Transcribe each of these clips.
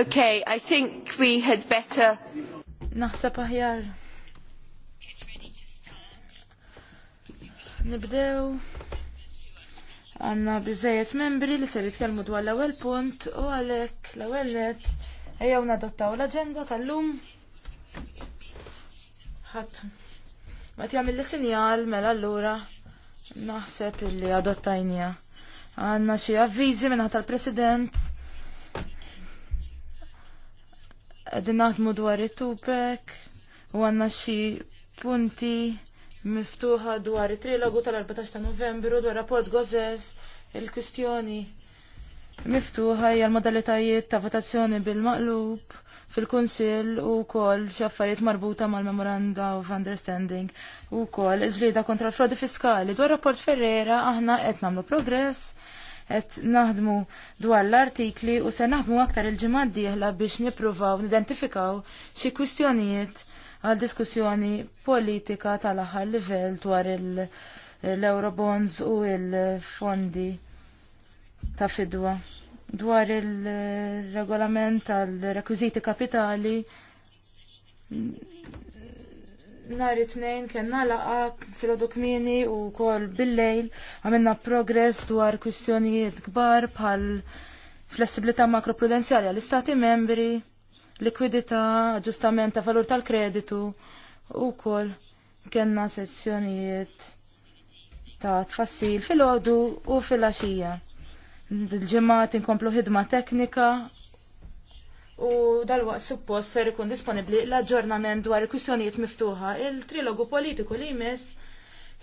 Okay, I think we had better. Naħseb aħjar. Nibdew. Għanna bizzejet membri li ser jitkelmu dwar l-ewwel punt u għalhekk l-ewwel net ejjew nadottaw l-aġenda tal-lum. Ħadd ma li sinjal mela allura naħseb illi adottajnija. Għanna xi avviżi minħabba tal-President Għedin naħdmu dwar it-tupek u għanna xi punti miftuħa dwar it-trilogu tal-14 ta' novembru dwar rapport Gozes il-kwistjoni miftuħa hija l-modalitajiet ta' votazzjoni bil-maqlub fil-Kunsill u kol xaffariet marbuta mal-Memoranda of Understanding u kol il-ġlida kontra l-frodi fiskali. Dwar rapport Ferrera aħna qed nagħmlu progress qed naħdmu dwar l-artikli u se naħdmu aktar il-ġimgħa d-dieħla biex nippruvaw nidentifikaw xi kwistjonijiet għal diskussjoni politika tal-aħħar livell dwar l-Eurobonds u l-fondi ta' fidwa dwar il-regolament tal-rekwiziti kapitali Nar it-tnejn kena laqa fil-dokmini u kol bil-lejl għamilna progress dwar kwistjonijiet kbar bħal flessibilità makroprudenzjali għall-istati membri, likwidità, aġġustament ta' valur tal-kreditu u kol kena sezzjonijiet ta' tfassil fil-ħodu u fil-axija. Dil-ġemat inkomplu ħidma teknika u dal-waqt suppost ser ikun disponibbli l-aġġornament dwar il kwistjonijiet miftuħa. Il-trilogu politiku li jmiss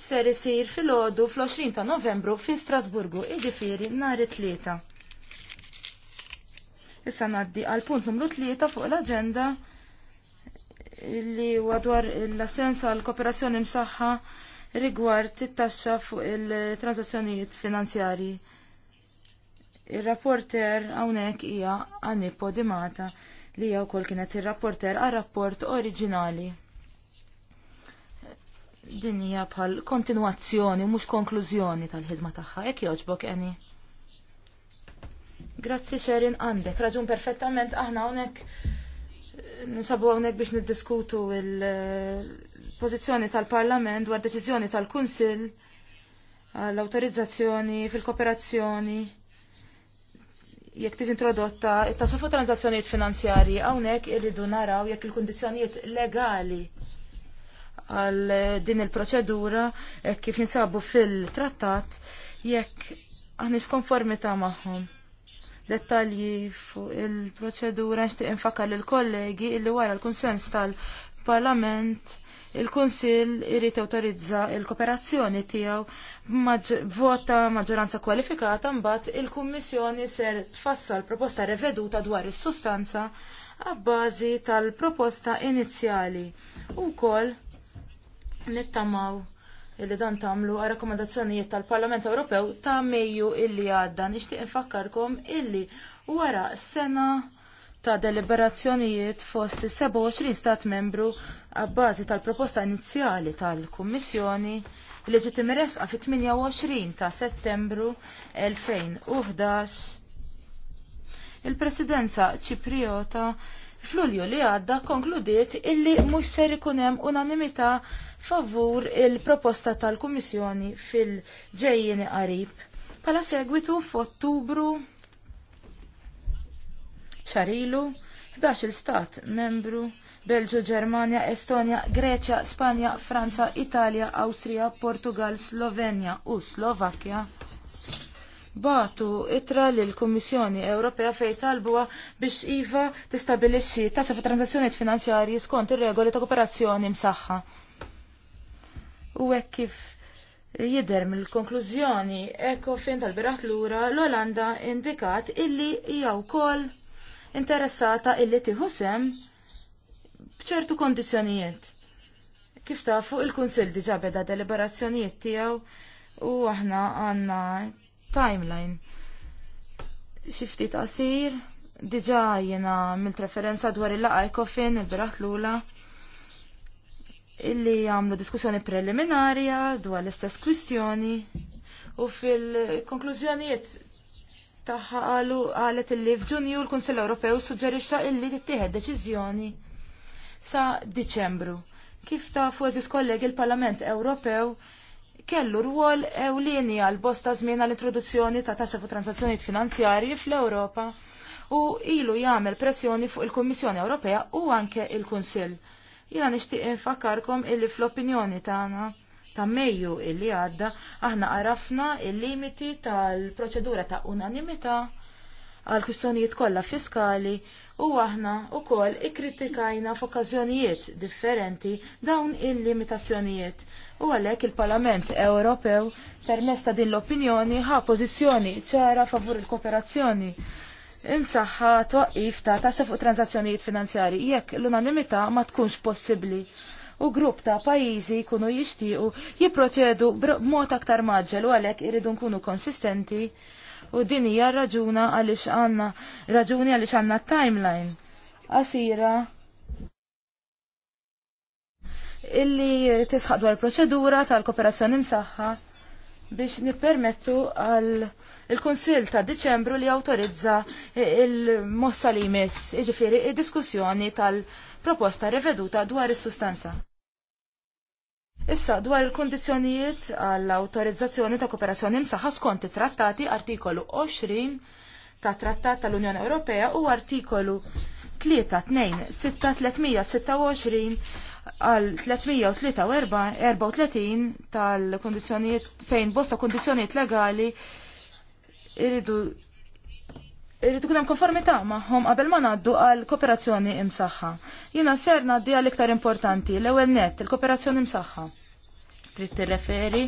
ser isir fil-ħodu fl-20 ta' novembru fi Strasburgu, iġifiri nhar it-tlieta. Issa ngħaddi għal punt numru tlieta fuq l-aġenda li huwa dwar l-assens għal kooperazzjoni msaħħa rigward it-taxxa fuq il-transazzjonijiet finanzjarji. Il-rapporter hawnhekk hija Anni Podimata li hija wkoll kienet ir-rapporter għar rapport oriġinali. Din hija bħal kontinwazzjoni mhux konklużjoni tal-ħidma tagħha, jekk jogħġbok għani? Grazzi xerin għandek, raġun perfettament aħna hawnhekk eh, nisabu hawnhekk biex niddiskutu il pozizjoni tal-Parlament dwar deċiżjoni tal-Kunsill għall-awtorizzazzjoni fil-kooperazzjoni jekk tiġi introdotta it-tassu fuq transazzjonijiet finanzjarji hawnhekk irridu naraw jekk il-kundizzjonijiet legali għal din il-proċedura eh, kif jinsabu fil-trattat jekk aħni f'konformità magħhom. Dettalji fuq il-proċedura nixtieq infakar lill kollegi illi wara l-kunsens tal-Parlament il-Kunsill irrit autorizza l-kooperazzjoni tiegħu vota maġġoranza kwalifikata mbagħad il-Kummissjoni ser tfassal proposta reveduta dwar is-sustanza għabbażi tal-proposta inizjali u wkoll nittamaw illi dan tagħmlu għal rakkomandazzjonijiet tal-Parlament Ewropew ta' Mejju illi għaddan. nixtieq infakkarkom illi wara sena ta' deliberazzjonijiet fost 27 stat membru għabbażi tal-proposta inizjali tal-Kummissjoni li ġiet imresqa fit-28 ta' Settembru 2011 il-Presidenza Ċipriota f'Lulju li għadda konkludiet illi mhux ser ikun hemm unanimità favur il-proposta tal-Kummissjoni fil-ġejjin qarib. Pala segwitu f'Ottubru xarilu 11 stat membru Belġu, Ġermanja, Estonja, Greċja, Spanja, Franza, Italja, Awstrija, Portugal, Slovenja u Slovakkja batu itra lill kummissjoni Ewropea fejn talbuha biex IVA tistabilixxi taxxa fuq transazzjonijiet finanzjarji skont ir-regoli ta' kooperazzjoni msaħħa. U hekk kif jidher mill-konklużjoni ECOFIN tal-biraħt lura l-Olanda indikat illi hija wkoll interessata illi tieħu sem b'ċertu kondizzjonijiet. Kif tafu il-Kunsill diġà beda deliberazzjonijiet tiegħu u aħna għandna timeline. Xi ftit qasir, diġà jiena mill referenza dwar il-laqa Ecofin il-biraħ lula illi għamlu diskussjoni preliminarja dwar l-istess kwistjoni u fil-konklużjonijiet tagħha qalu qalet illi f'Ġunju l-Kunsill Ewropew suġġerixxa illi tittieħed deċiżjoni sa Diċembru. Kif tafu eżis kollegi l parlament Ewropew kellu rwol ewlieni għal bosta żmien għall introduzzjoni ta' taxxa fuq transazzjonijiet finanzjarji fl-Ewropa u ilu jagħmel pressjoni fuq il-Kummissjoni Ewropea u anke il-Kunsill. Jiena nixtieq infakkarkom illi fl-opinjoni tagħna ta' Mejju illi għadda aħna għarafna il-limiti tal-proċedura ta' unanimità għal kwistjonijiet kollha fiskali u aħna wkoll ikkritikajna f'okkażjonijiet differenti dawn il-limitazzjonijiet. U għalhekk il-Parlament Ewropew permezz ta' din l-opinjoni ħa pożizzjoni ċara favur il-kooperazzjoni imsaħħa twaqqif ta' taxxa fuq transazzjonijiet finanzjarji jekk l-unanimità ma tkunx possibbli u grupp ta' pajjiżi jkunu jixtiequ jipproċedu b'mod aktar maġġel u għalhekk iridu nkunu konsistenti u din hija raġuna għaliex għandna raġuni għaliex għandna timeline għasira illi tisħaq dwar proċedura tal-kooperazzjoni msaħħa biex nippermettu għal il-Konsil ta' Deċembru li autorizza il-mossa li jmiss, iġifiri, il-diskussjoni tal-proposta reveduta dwar is-sustanza. Issa, dwar il-kondizjonijiet għall-autorizzazzjoni ta' kooperazzjoni msaħħa skont it-trattati artikolu 20 ta' trattat tal-Unjoni Ewropea u artikolu 326 għal 334 tal-kondizjonijiet fejn bosta kondizjonijiet legali irridu irrid ikun hemm konformità magħhom qabel ma ngħaddu għal kooperazzjoni imsaħħa. Jiena ser ngħaddi għal iktar importanti l-ewwel nett il-kooperazzjoni imsaħħa. Trid tirreferi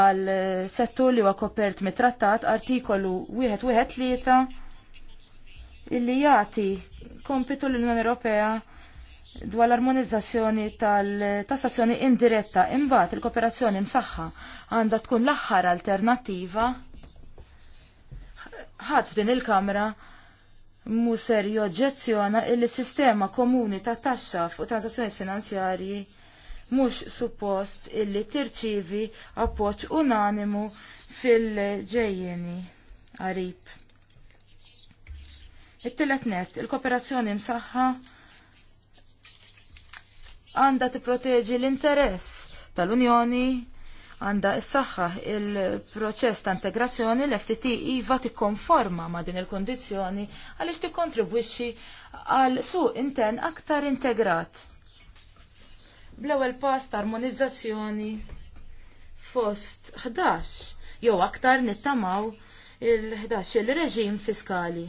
għal settur li huwa kopert mit-trattat artikolu wieħed wieħed tlieta illi jagħti kompitu l-Unjoni Ewropea dwar l-armonizzazzjoni tal-tassazzjoni indiretta imbagħad il-kooperazzjoni msaħħa għandha tkun l-aħħar alternattiva ħadd f'din il-Kamra mu ser joġġezzjona il sistema komuni ta' taxxa fuq transazzjonijiet finanzjarji mhux suppost illi tirċivi appoġġ unanimu fil-ġejjeni qarib. It-tielet net, il-kooperazzjoni msaħħa għandha tipproteġi l-interess tal-Unjoni għandha s-saħħa il-proċess ta' integrazzjoni l-FTT iva tikkonforma ma' din il għalix għaliex tikkontribwixxi għal suq intern aktar integrat. Bl-ewwel pass ta' armonizzazzjoni fost 11 jew aktar nittamaw il-11 il-reġim fiskali.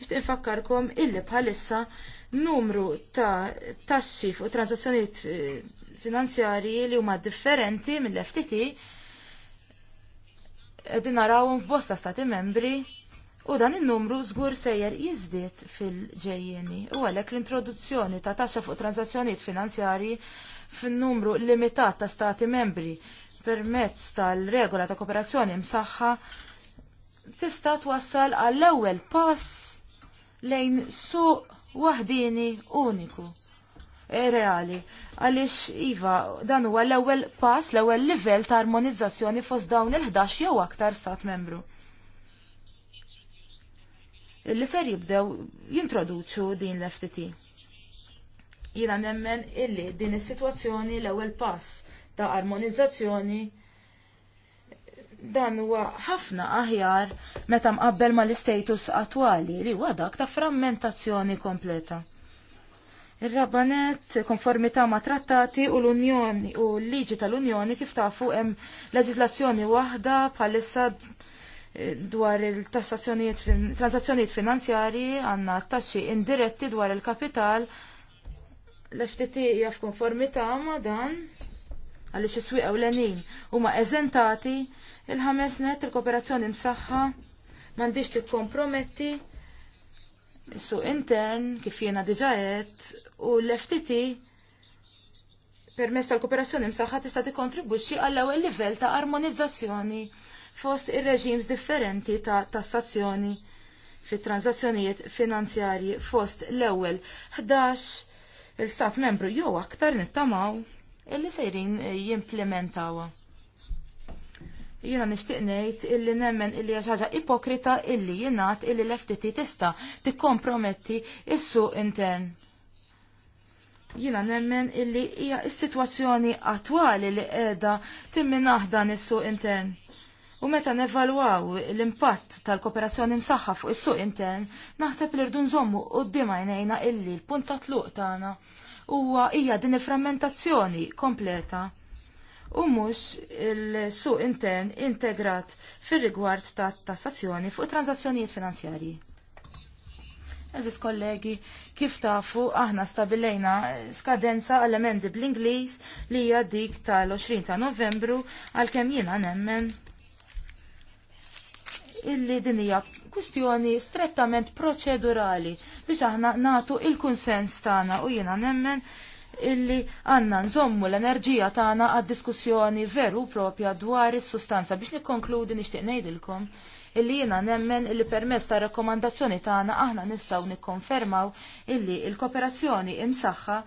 Nixtieq infakkarkom illi bħalissa numru ta' taxxi fuq transazzjonijiet eh, finanzjarji li huma differenti mill-FTT qegħdin narawhom f'bosta stati membri u dan in-numru żgur sejjer jiżdied fil-ġejjeni u għalhekk l-introduzzjoni ta' taxxa fuq transazzjonijiet finanzjarji fin-numru limitat ta' stati membri permezz tal-regola ta' kooperazzjoni msaħħa tista' twassal għall-ewwel pass lejn suq waħdini uniku Eh, reali. Għaliex iva, dan huwa l-ewwel pass, l-ewwel livell ta' armonizzazzjoni fost dawn il-11 jew aktar stat membru. Li ser jibdew jintroduċu din l-FTT. Jina nemmen illi din is-sitwazzjoni l-ewwel pass ta' armonizzazzjoni dan huwa ħafna aħjar meta mqabbel mal istatus attwali li huwa dak ta' frammentazzjoni kompleta. Ir-rabanet konformità ma' trattati u l-Unjoni u l-liġi tal-Unjoni kif tafu hemm leġislazzjoni waħda bħalissa eh, dwar il transazzjonijiet finanzjarji għandna t-taxxi indiretti dwar il-kapital l-FTT hija f'konformità ma' dan għaliex is-swieq ewlenin huma eżentati il-ħames net il-kooperazzjoni msaħħa ti tikkomprometti Su intern, kif jiena diġa qed, u l-FTT permess tal-kooperazzjoni msaħħa tista' tikkontribwixxi għall ewwel livell ta' armonizzazzjoni fost ir-reġims differenti ta' tassazzjoni fit transazzjonijiet finanzjarji fost l-ewwel 11 il-stat membru jew aktar nittamaw illi sejrin jimplementawha. Jiena nixtieq ngħid illi nemmen illi jaxaġa ħaġa ipokrita illi jingħad illi l-FTT tista' tikkomprometti s-suq intern. Jiena nemmen illi hija s-sitwazzjoni attwali li qiegħda timmi dan is-suq intern. U meta nevalwaw l-impatt tal-kooperazzjoni msaħħa fuq is-suq intern, naħseb li rdu nżommu quddiem għajnejna illi l-punt ta' tluq tagħna huwa hija din il-frammentazzjoni kompleta u mhux il-suq intern integrat fir-rigward ta' tassazzjoni fuq transazzjonijiet finanzjarji. Eżis kollegi, kif tafu aħna stabilejna skadenza għall-emendi bl-Ingliż li hija dik tal-20 ta' Novembru għalkemm jiena nemmen illi din hija kwistjoni strettament proċedurali biex aħna natu il-kunsens tagħna u jiena nemmen illi għanna nżommu l-enerġija tagħna għad-diskussjoni veru propja dwar is-sustanza biex nikkonkludi nixtieq ngħidilkom illi jiena nemmen illi permess ta' rakkomandazzjoni tagħna aħna nistgħu nikkonfermaw illi l-kooperazzjoni imsaħħa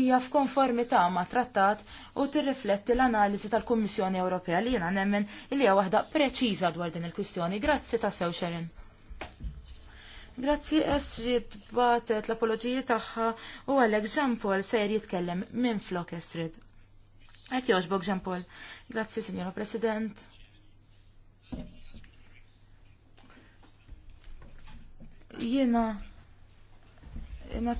hija f'konformità ma' trattat u tirrifletti l-analiżi tal-Kummissjoni Ewropea li jiena nemmen illi hija waħda preċiża dwar din il-kwistjoni. Grazzi ta' sew Sharon. Grazzi Estrid batet l-apologiji tagħha u għalhekk ġampol Paul se jitkellem minn flok Estrid. Ek jogħġbok ġampol. Grazzi Signora President. Jiena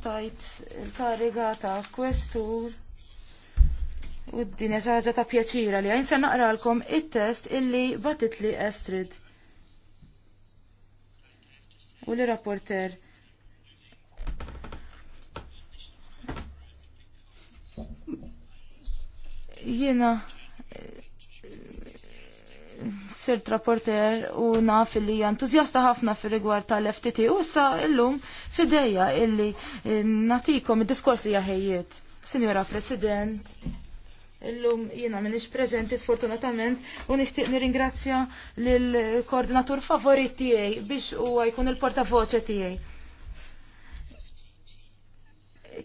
tajt il-kariga ta' kwestur u d-dinja ħaġa ta' pjaċira li għajn se naqralkom it-test illi batit li Estrid u li rapporter jiena eh, sirt rapporter u naf li hija entużjasta ħafna fir rigward tal-FTT u sa illum fidejja illi eh, natikom id-diskors li jaħejiet. Signora President, Illum jiena minix prezenti sfortunatament u nixtieq nirringrazzja l koordinatur favorit tiegħi biex huwa jkun il-portavoċe tiegħi.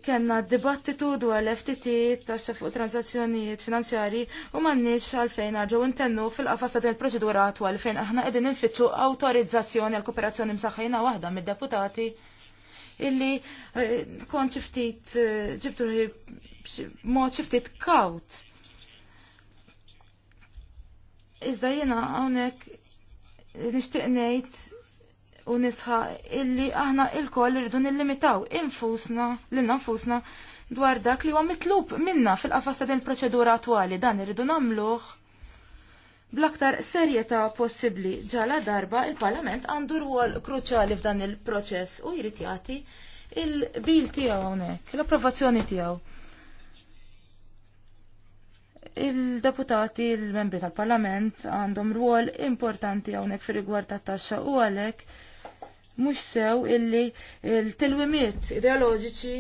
Kenna dibattitu dwar l-FTT taxxa fuq transazzjonijiet finanzjarji u m'għandniex għalfejn għarġu intennu fil-qafas ta' din il-proċedura għal fejn aħna qegħdin infittxu awtorizzazzjoni għal kooperazzjoni msaħħina waħda mid-deputati illi eh, kont ftit eh, ġibtu mod xi ftit kawt. Iżda jiena hawnhekk nixtieq ngħid u nisħa illi aħna il-koll irridu nillimitaw infusna lil nfusna dwar dak li huwa mitlub minna fil-qafas ta' din il-proċedura attwali dan irridu nagħmluh bl-aktar serjetà possibbli ġala darba il-Parlament għandu rwol kruċjali f'dan il-proċess u jrid jagħti il-bil tiegħu hawnhekk, l-approvazzjoni tiegħu il-deputati, il-membri tal-parlament għandhom rwol importanti hawnhekk fir-rigward tat-taxxa u għalhekk mhux sew illi l-tilwimiet ideoloġiċi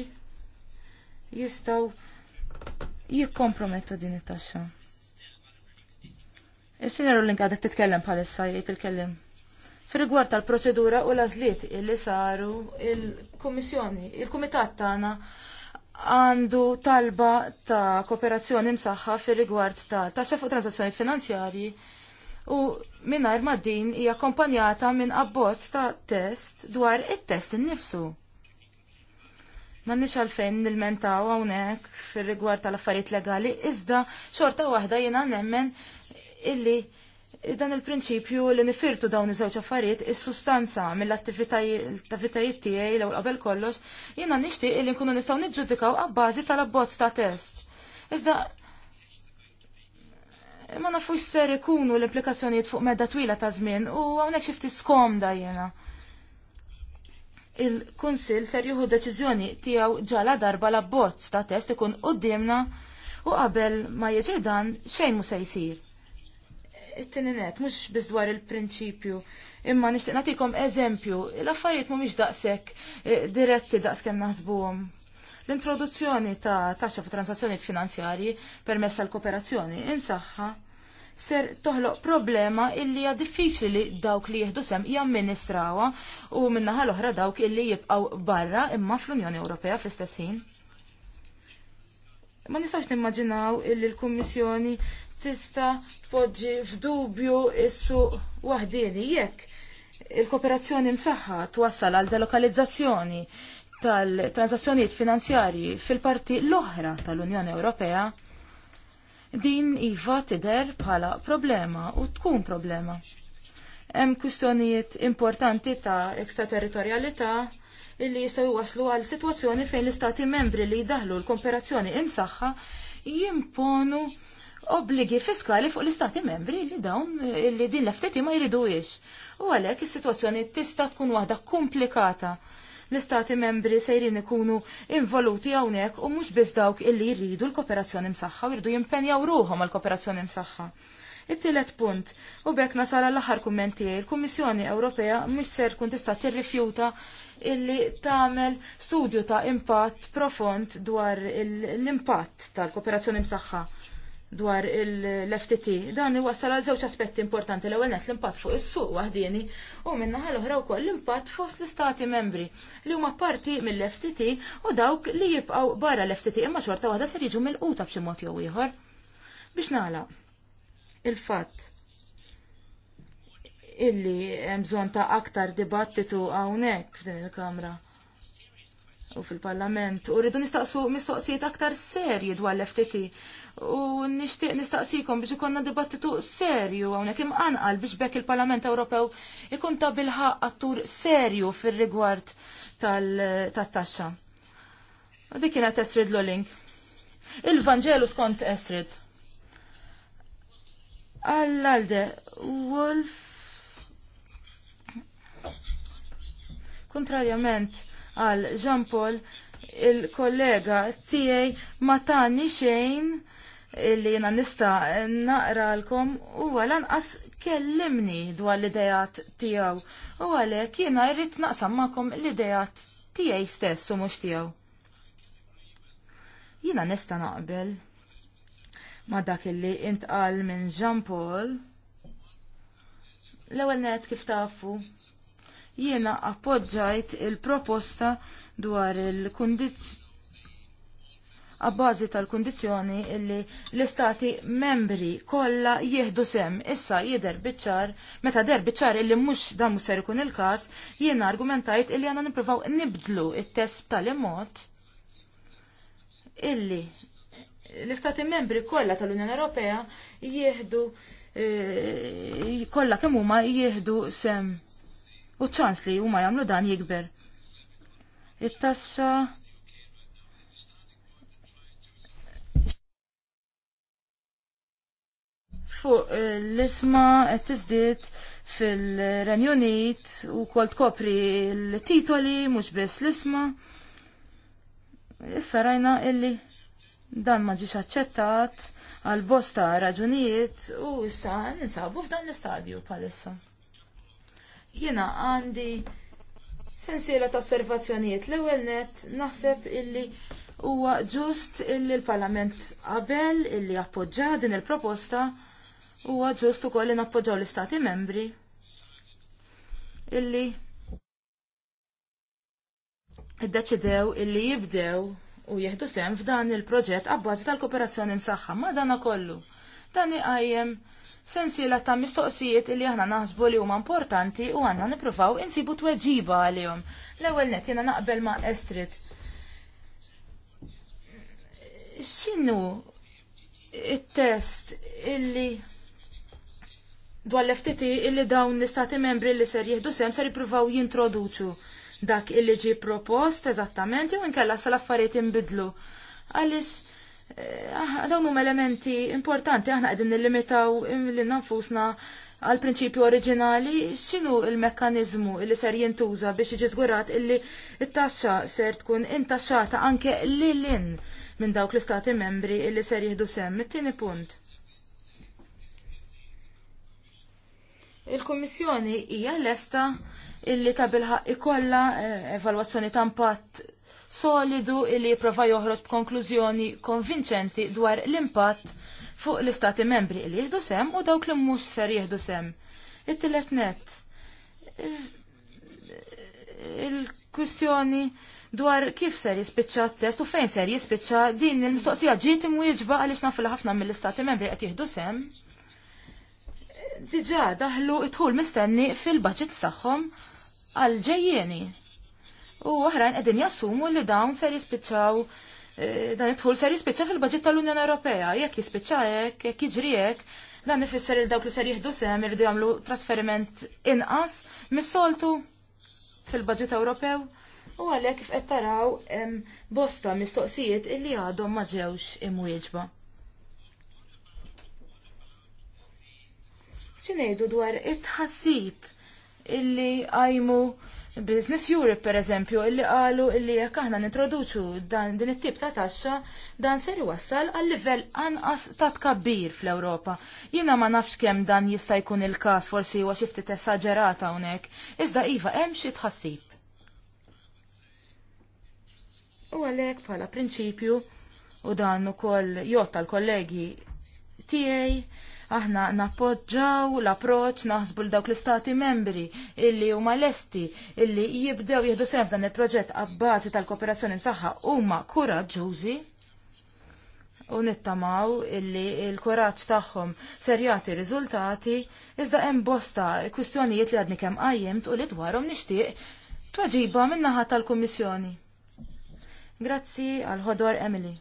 jistgħu jikkompromettu din it-taxxa. Is-sinjor Ulling għadet titkellem bħalissa jgħid il-kellim. Fir-rigward tal-proċedura u l-għażliet illi saru il-Kummissjoni, il-Kumitat tagħna għandu talba ta' kooperazzjoni msaħħa fir rigward ta' taxxa fuq transazzjoni finanzjarji u mingħajr ma' din hija akkompanjata minn abbozz ta' test dwar it-test innifsu. M'għandniex għalfejn nilmentaw hawnhekk fir rigward tal-affarijiet legali iżda xorta waħda jiena nemmen illi dan il-prinċipju li nifirtu dawn iż-żewġ affarijiet is-sustanza mill-attivitajiet tiegħi l qabel kollox, jiena nixtieq li nkunu nistgħu niġġudikaw għabbażi tal-abbozz ta' test. Iżda ma nafux ser ikunu l-implikazzjonijiet fuq medda twila ta' żmien u hawnhekk xi ftit skomda jiena. il kunsill ser jieħu deċiżjoni tiegħu ġala darba l-abbozz ta' test ikun qudiemna u qabel ma jiġi dan xejn mhu se jsir it-tininet, mux biz dwar il-prinċipju. Imma nishtiq natikom eżempju, l-affarijiet mumiex daqsek eh, diretti daqskem naħsbuhom. L-introduzzjoni ta' taxxa fu transazzjoni finanzjarji permessa l-kooperazzjoni insaħħa ser toħloq problema illi hija diffiċli dawk li jieħdu sem jamministrawha u minnaħa l-oħra dawk illi jibqgħu barra imma fl-Unjoni Ewropea fl-istess ħin. Ma nistgħux nimmaġinaw illi l-Kummissjoni tista' tpoġġi f'dubju is-suq waħdieni jekk il-kooperazzjoni msaħħa twassal għal delokalizzazzjoni tal-transazzjonijiet finanzjarji fil-parti l-oħra tal-Unjoni Ewropea, din iva tidher bħala problema u tkun problema. Hemm kwistjonijiet importanti ta' ekstraterritorjalità illi jistgħu waslu għal sitwazzjoni fejn l-istati membri li jdaħħlu l-kooperazzjoni imsaħħa jimponu obbligi fiskali fuq l-istati membri li dawn li din l-FTT ma jiex. U għalhekk is-sitwazzjoni tista' tkun waħda komplikata. L-istati membri sejrin ikunu involuti hawnhekk u mhux biss dawk illi jridu l-kooperazzjoni msaħħa u jridu jimpenjaw ruhom għall kooperazzjoni msaħħa. It-tielet punt, u bekk nasara l-aħħar kummenti, il-Kummissjoni Ewropea mhux ser tkun tista' tirrifjuta illi tagħmel studju ta' impatt profond dwar l-impatt tal-kooperazzjoni msaħħa dwar l-FTT. Dan iwassal għal żewġ aspetti importanti l-ewwel net l-impatt fuq is-suq waħdieni u minnaħa l-oħra wkoll l-impatt fost l-istati membri li huma parti mill-FTT u dawk li jibqgħu barra l-FTT imma xorta waħda ser jiġu mill-quta b'xi mod jew ieħor. Biex nagħlaq il-fatt illi hemm bżonn ta' aktar dibattitu hawnhekk f'din il-Kamra u fil-Parlament u rridu nistaqsu mistoqsijiet aktar serji dwar l-FTT u nixtieq nistaqsikom biex ikonna dibattitu serju hawnhekk imqanqal biex bekk il-Parlament Ewropew ikun ta' bilħaq attur serju fir-rigward tat-taxxa. Dik kienet Estrid Lolling. il vangelu skont Estrid. Allalde, Wolf. Kontrarjament għal Jean-Paul, il-kollega tiegħi ma tani xejn illi jena nista naqralkom u lanqas kellimni dwar l-idejat tijaw u għalek jena irrit naqsam ma'kom l-idejat tijaj stess u mux tijaw. Jena nista naqbel ma dak illi intqal minn Jean Paul l-ewel net kif tafu jiena appoġġajt il-proposta dwar il-kondizjoni għabbażi tal-kondizjoni illi l-istati membri kollha jieħdu sem issa jidher biċċar, meta der biċċar illi mhux dan mhux ser ikun il-każ, jiena argumentajt illi għandna nippruvaw nibdlu t test tal mod illi l-istati membri kollha tal-Unjoni Ewropea jieħdu e, eh, kollha kemm huma jieħdu sem u ċans li huma jagħmlu dan jikber. It-taxxa fuq eh, l-isma qed tiżdied fil-Renjonit u kol tkopri l-titoli mhux biss l-isma. Issa rajna illi dan ma ġiex aċċettat għal bosta raġunijiet u issa ninsabu f'dan l-istadju palissa. Jiena għandi sensiela ta' osservazzjonijiet l-ewwel net naħseb illi huwa ġust illi l-Parlament qabel illi appoġġa din il-proposta Huwa ġust ukoll nappoġġaw l-istati membri illi iddeċidew illi jibdew u jieħdu sem f'dan il-proġett għabbażi tal-kooperazzjoni msaħħa ma dana kollu. Dan iqajjem sensiela ta' mistoqsijiet illi aħna naħsbu li huma importanti u għandna nippruvaw insibu tweġiba għalihom. L-ewwel net jiena naqbel ma' Estrid. X'inhu it-test illi dwar l-FTT illi dawn l-istati membri li ser jieħdu sem ser jippruvaw jintroduċu dak illi ġi propost eżattament jew inkella sal l-affarijiet inbidlu. Għaliex eh, dawn huma elementi importanti aħna qegħdin nillimitaw li nanfusna għal prinċipju oriġinali x'inhu l-mekkaniżmu li ser jintuża biex jiġi żgurat illi t-taxxa ser tkun intaxxata anke lilin minn dawk l-istati membri illi ser jieħdu sem. It-tieni punt Il-Kummissjoni hija lesta illi ta' bilħaq ikolla eh, evalwazzjoni ta' impatt solidu illi jipprova joħroġ b'konklużjoni konvinċenti dwar l-impatt fuq l-istati membri illi jieħdu sem u dawk li mhux ser jieħdu sem. It-tielet net. Il-kwistjoni dwar kif ser jispiċċa t-test u fejn ser jispiċċa din il-mistoqsija ġiet imwieġba għaliex naf ħafna mill-istati membri qed jieħdu sem diġa daħlu idħul mistenni fil-budget saħħom għal ġejjeni. U oħrajn qegħdin jassumu li dawn ser jispiċċaw eh, dan idħul ser jispiċċa fil-budget tal-Unjoni Ewropea, jekk jispiċċa hekk, jekk jiġri hekk, dan ifisser il dawk li ser jieħdu sehem irridu jagħmlu trasferiment inqas mis-soltu fil-budget Ewropew. U għalhekk kif qed taraw bosta mistoqsijiet illi għadhom ma ġewx imwieġba. ċinejdu dwar it-ħassib illi għajmu Business Europe per eżempju, illi qalu illi jekk aħna nintroduċu dan din it-tip ta' taxxa, dan ser iwassal għal livell anqas ta' tkabbir fl-Ewropa. Jiena ma nafx kemm dan jista' jkun il-każ forsi huwa xi ftit esaġerata hawnhekk, iżda iva hemm xi tħassib. U għalhekk bħala prinċipju u dan ukoll jotta l-kollegi tiegħi Aħna nappoġġaw l-approċ naħsbu l dawk l-istati membri illi huma lesti illi jibdew jieħdu sena f'dan il-proġett għabbażi tal-kooperazzjoni msaħħa huma kuraġġużi u nittamaw illi il-kuraġġ tagħhom serjati riżultati iżda hemm bosta kwistjonijiet li għadni kemm qajjimt u li dwarhom nixtieq tweġiba min-naħa tal-Kummissjoni. Grazzi għal ħodor Emily.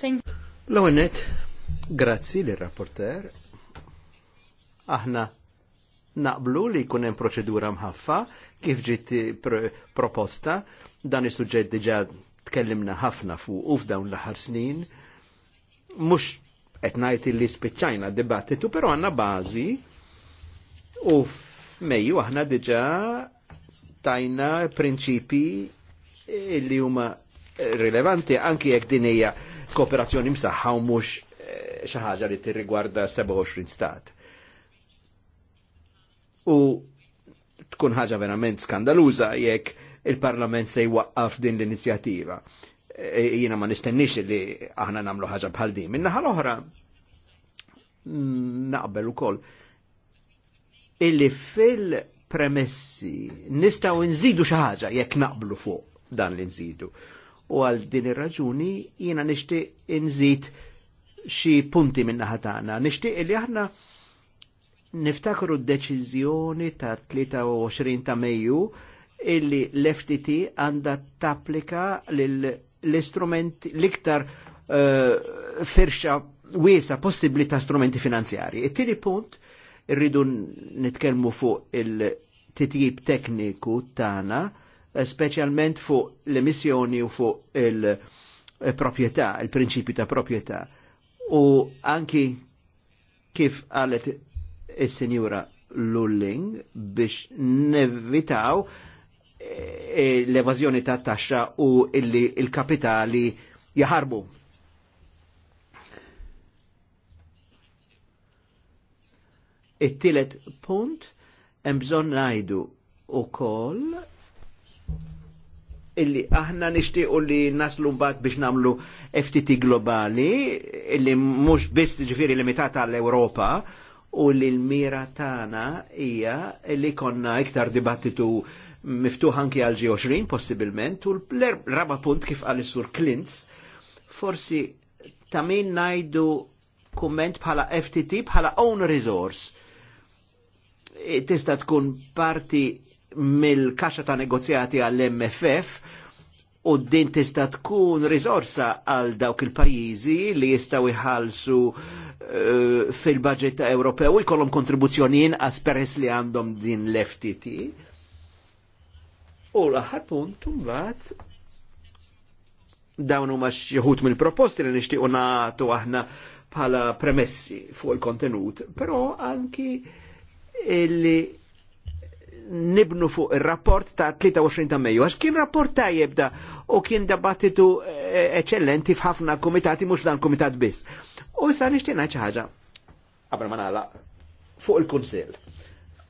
Thank you. L-għonet, grazzi li rapporter aħna naqblu li jkun hemm proċedura mħaffa kif ġiet pr proposta dan is-suġġett diġà tkellimna ħafna fuq u f'dawn l-aħħar snin mhux qed ngħid li spiċċajna dibattitu però għandna bażi u f'Mejju aħna diġà tajna prinċipi li huma rilevanti anki jekk din hija kooperazzjoni msaħħa u mhux eh, xi ħaġa li tirrigwarda 27 stat. U tkun ħaġa verament skandaluża jekk il-Parlament se jwaqqaf din l-inizjattiva. E, Jiena ma nistennix li aħna nagħmlu ħaġa bħal din. naħa l-oħra mm, naqbel ukoll illi fil-premessi nistgħu nżidu xi ħaġa jekk naqblu fuq dan li nżidu u għal din ir-raġuni jiena nixtieq inżid xi punti minn naħa tagħna. Nixtieq li aħna niftakru d-deċiżjoni ta' 23 ta' Mejju illi l-FTT għandha tapplika l-istrument l-iktar uh, firxa wiesa possibbli ta' strumenti finanzjari. It-tieni punt irridu nitkellmu fuq il-titjib tekniku tagħna Eh, specialment fuq l-emissjoni u fuq il-propieta, eh, il-prinċipju ta' propieta. U anki kif għalet il-senjura Lulling biex nevitaw eh, l-evazjoni ta' taxxa u illi il-kapitali jaharbu. It-tielet punt hemm bżonn ngħidu ukoll illi aħna nishtiqu li naslu mbagħad biex namlu FTT globali illi mhux biss ġifieri limitata għall europa u li l-mira tagħna hija li konna iktar dibattitu miftuħ anki għal G20 possibilment u l-raba punt kif għal sur Klintz forsi tamin najdu kumment bħala FTT bħala own resource e, tista tkun parti mill-kaxa ta' negozjati għall-MFF u din tista tkun risorsa għal dawk il-pajjiżi li jistgħu jħallsu eh, fil-budget ta' Ewropew u jkollhom kontribuzzjonin għas peress li għandhom din l-FTT. U l-aħħar punt mbagħad dawn huma xi mill-proposti li nixtiequ nagħtu aħna bħala premessi fuq il-kontenut, però anki illi nibnu fuq il-rapport ta' 23 ta' Mejju. Għax kien rapport ta' jibda u kien dabattitu eh, eh, eccellenti f'ħafna komitati mhux dan komitat biss. U issa nishtina ċaħġa. xi ħaġa qabel ma nagħlaq fuq il-Kunsill.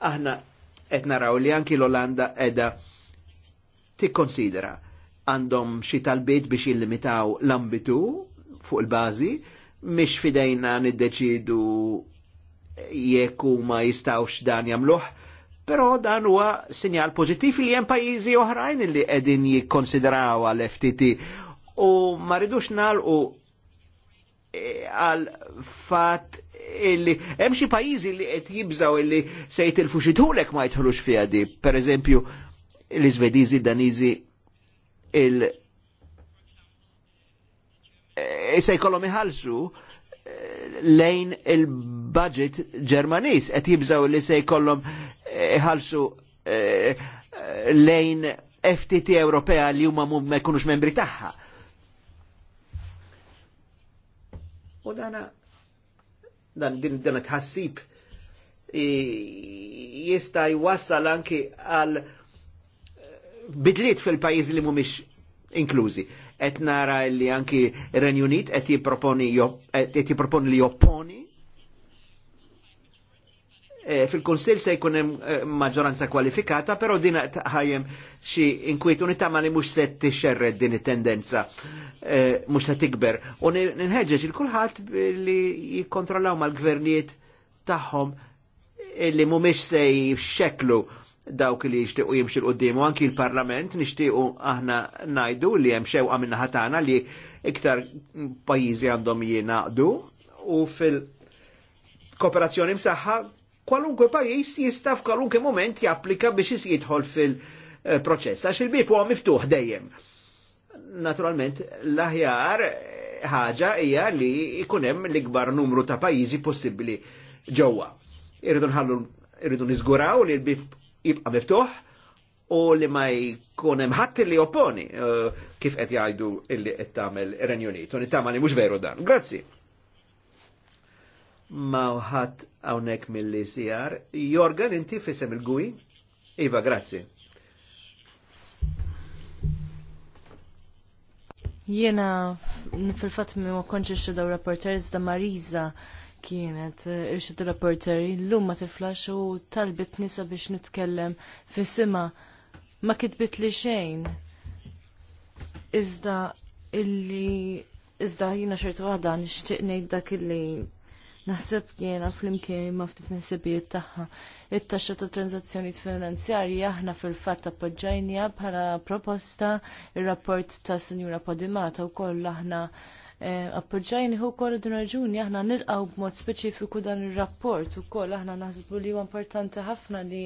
Aħna qed naraw li anki l-Olanda ti tikkonsidera għandhom xi talbiet biex jillimitaw l-ambitu fuq il-bażi mish fidejna niddeċidu jekk ma jistawx dan jagħmluh Però dan huwa sinjal pożittiv li hemm pajjiżi oħrajn li qegħdin jikkonsidraw għal ftt u ma ridux nagħlqu e, għal fatt illi hemm xi pajjiżi li qed jibżaw illi se jitilfu xi dħulek ma jidħlux fiha di, pereżempju l-Iżvediżi, Daniżi, il- e, se jkollhom iħallsu e, lejn il-budget Ġermaniż qed jibżaw li se jkollhom iħalsu e, e, lejn FTT Ewropea li huma ma jkunux membri tagħha. U dana dan din dan tħassib jista' jwassal anki għal bidliet fil pajjiżi li mhumiex inklużi. Et nara li anki Renjunit Renju Unit qed jipproponi li jopponi Eh, Fil-Konsil se jkun hemm eh, maġġoranza kwalifikata, però din ħajjem xi inkwiet ma li mhux se t-xerred din it-tendenza, eh, mhux se tikber. U ninħeġġeġ il-kulħadd li jikkontrollaw mal-gvernijiet tagħhom li mhumiex se jxeklu dawk li jixtiequ jimxil qoddimu anki l-parlament nixtiequ aħna najdu li hemm xewqa ħatana li iktar pajjiżi għandhom jingħaqdu u fil- kooperazzjoni msaħħa kwalunkwe pajis jista f'kwalunkwe moment japplika biex jidħol fil-proċess, għax il-bib huwa miftuħ dejjem. Naturalment, l-aħjar ħaġa hija li jkunem hemm l-ikbar numru ta' pajjiżi possibbli ġewwa. Irridu nħallu irridu niżguraw li l-bib jibqa' miftuħ u li ma jkun hemm ħadd li opponi eh, kif qed jgħidu illi qed tagħmel Renju Unit. U nittama li mhux veru dan. Grazzi ma uħat għawnek mill-ICR. Jorgan, inti fissem il-gwi? Iva, grazzi. Jena, fil-fat mi ma konċi xedaw rapporter, zda Marisa kienet eh, irxed rapporter, l-lum ma tiflax u talbit nisa biex nitkellem fissima ma kitbit li xejn. Iżda illi, iżda jina xertu għada nishtiq dak illi Naħseb jiena fl-imkien ma ftit nisibijiet tagħha. It-taxxa ta' tranzazzjoni finanzjarji aħna fil-fatt appoġġajnija bħala proposta ir-rapport ta' Sinjura Podimata wkoll aħna Eh, appoġġajni hu kol din raġuni aħna nilqaw b'mod speċifiku dan ir-rapport ukoll aħna naħsbu li huwa importanti ħafna li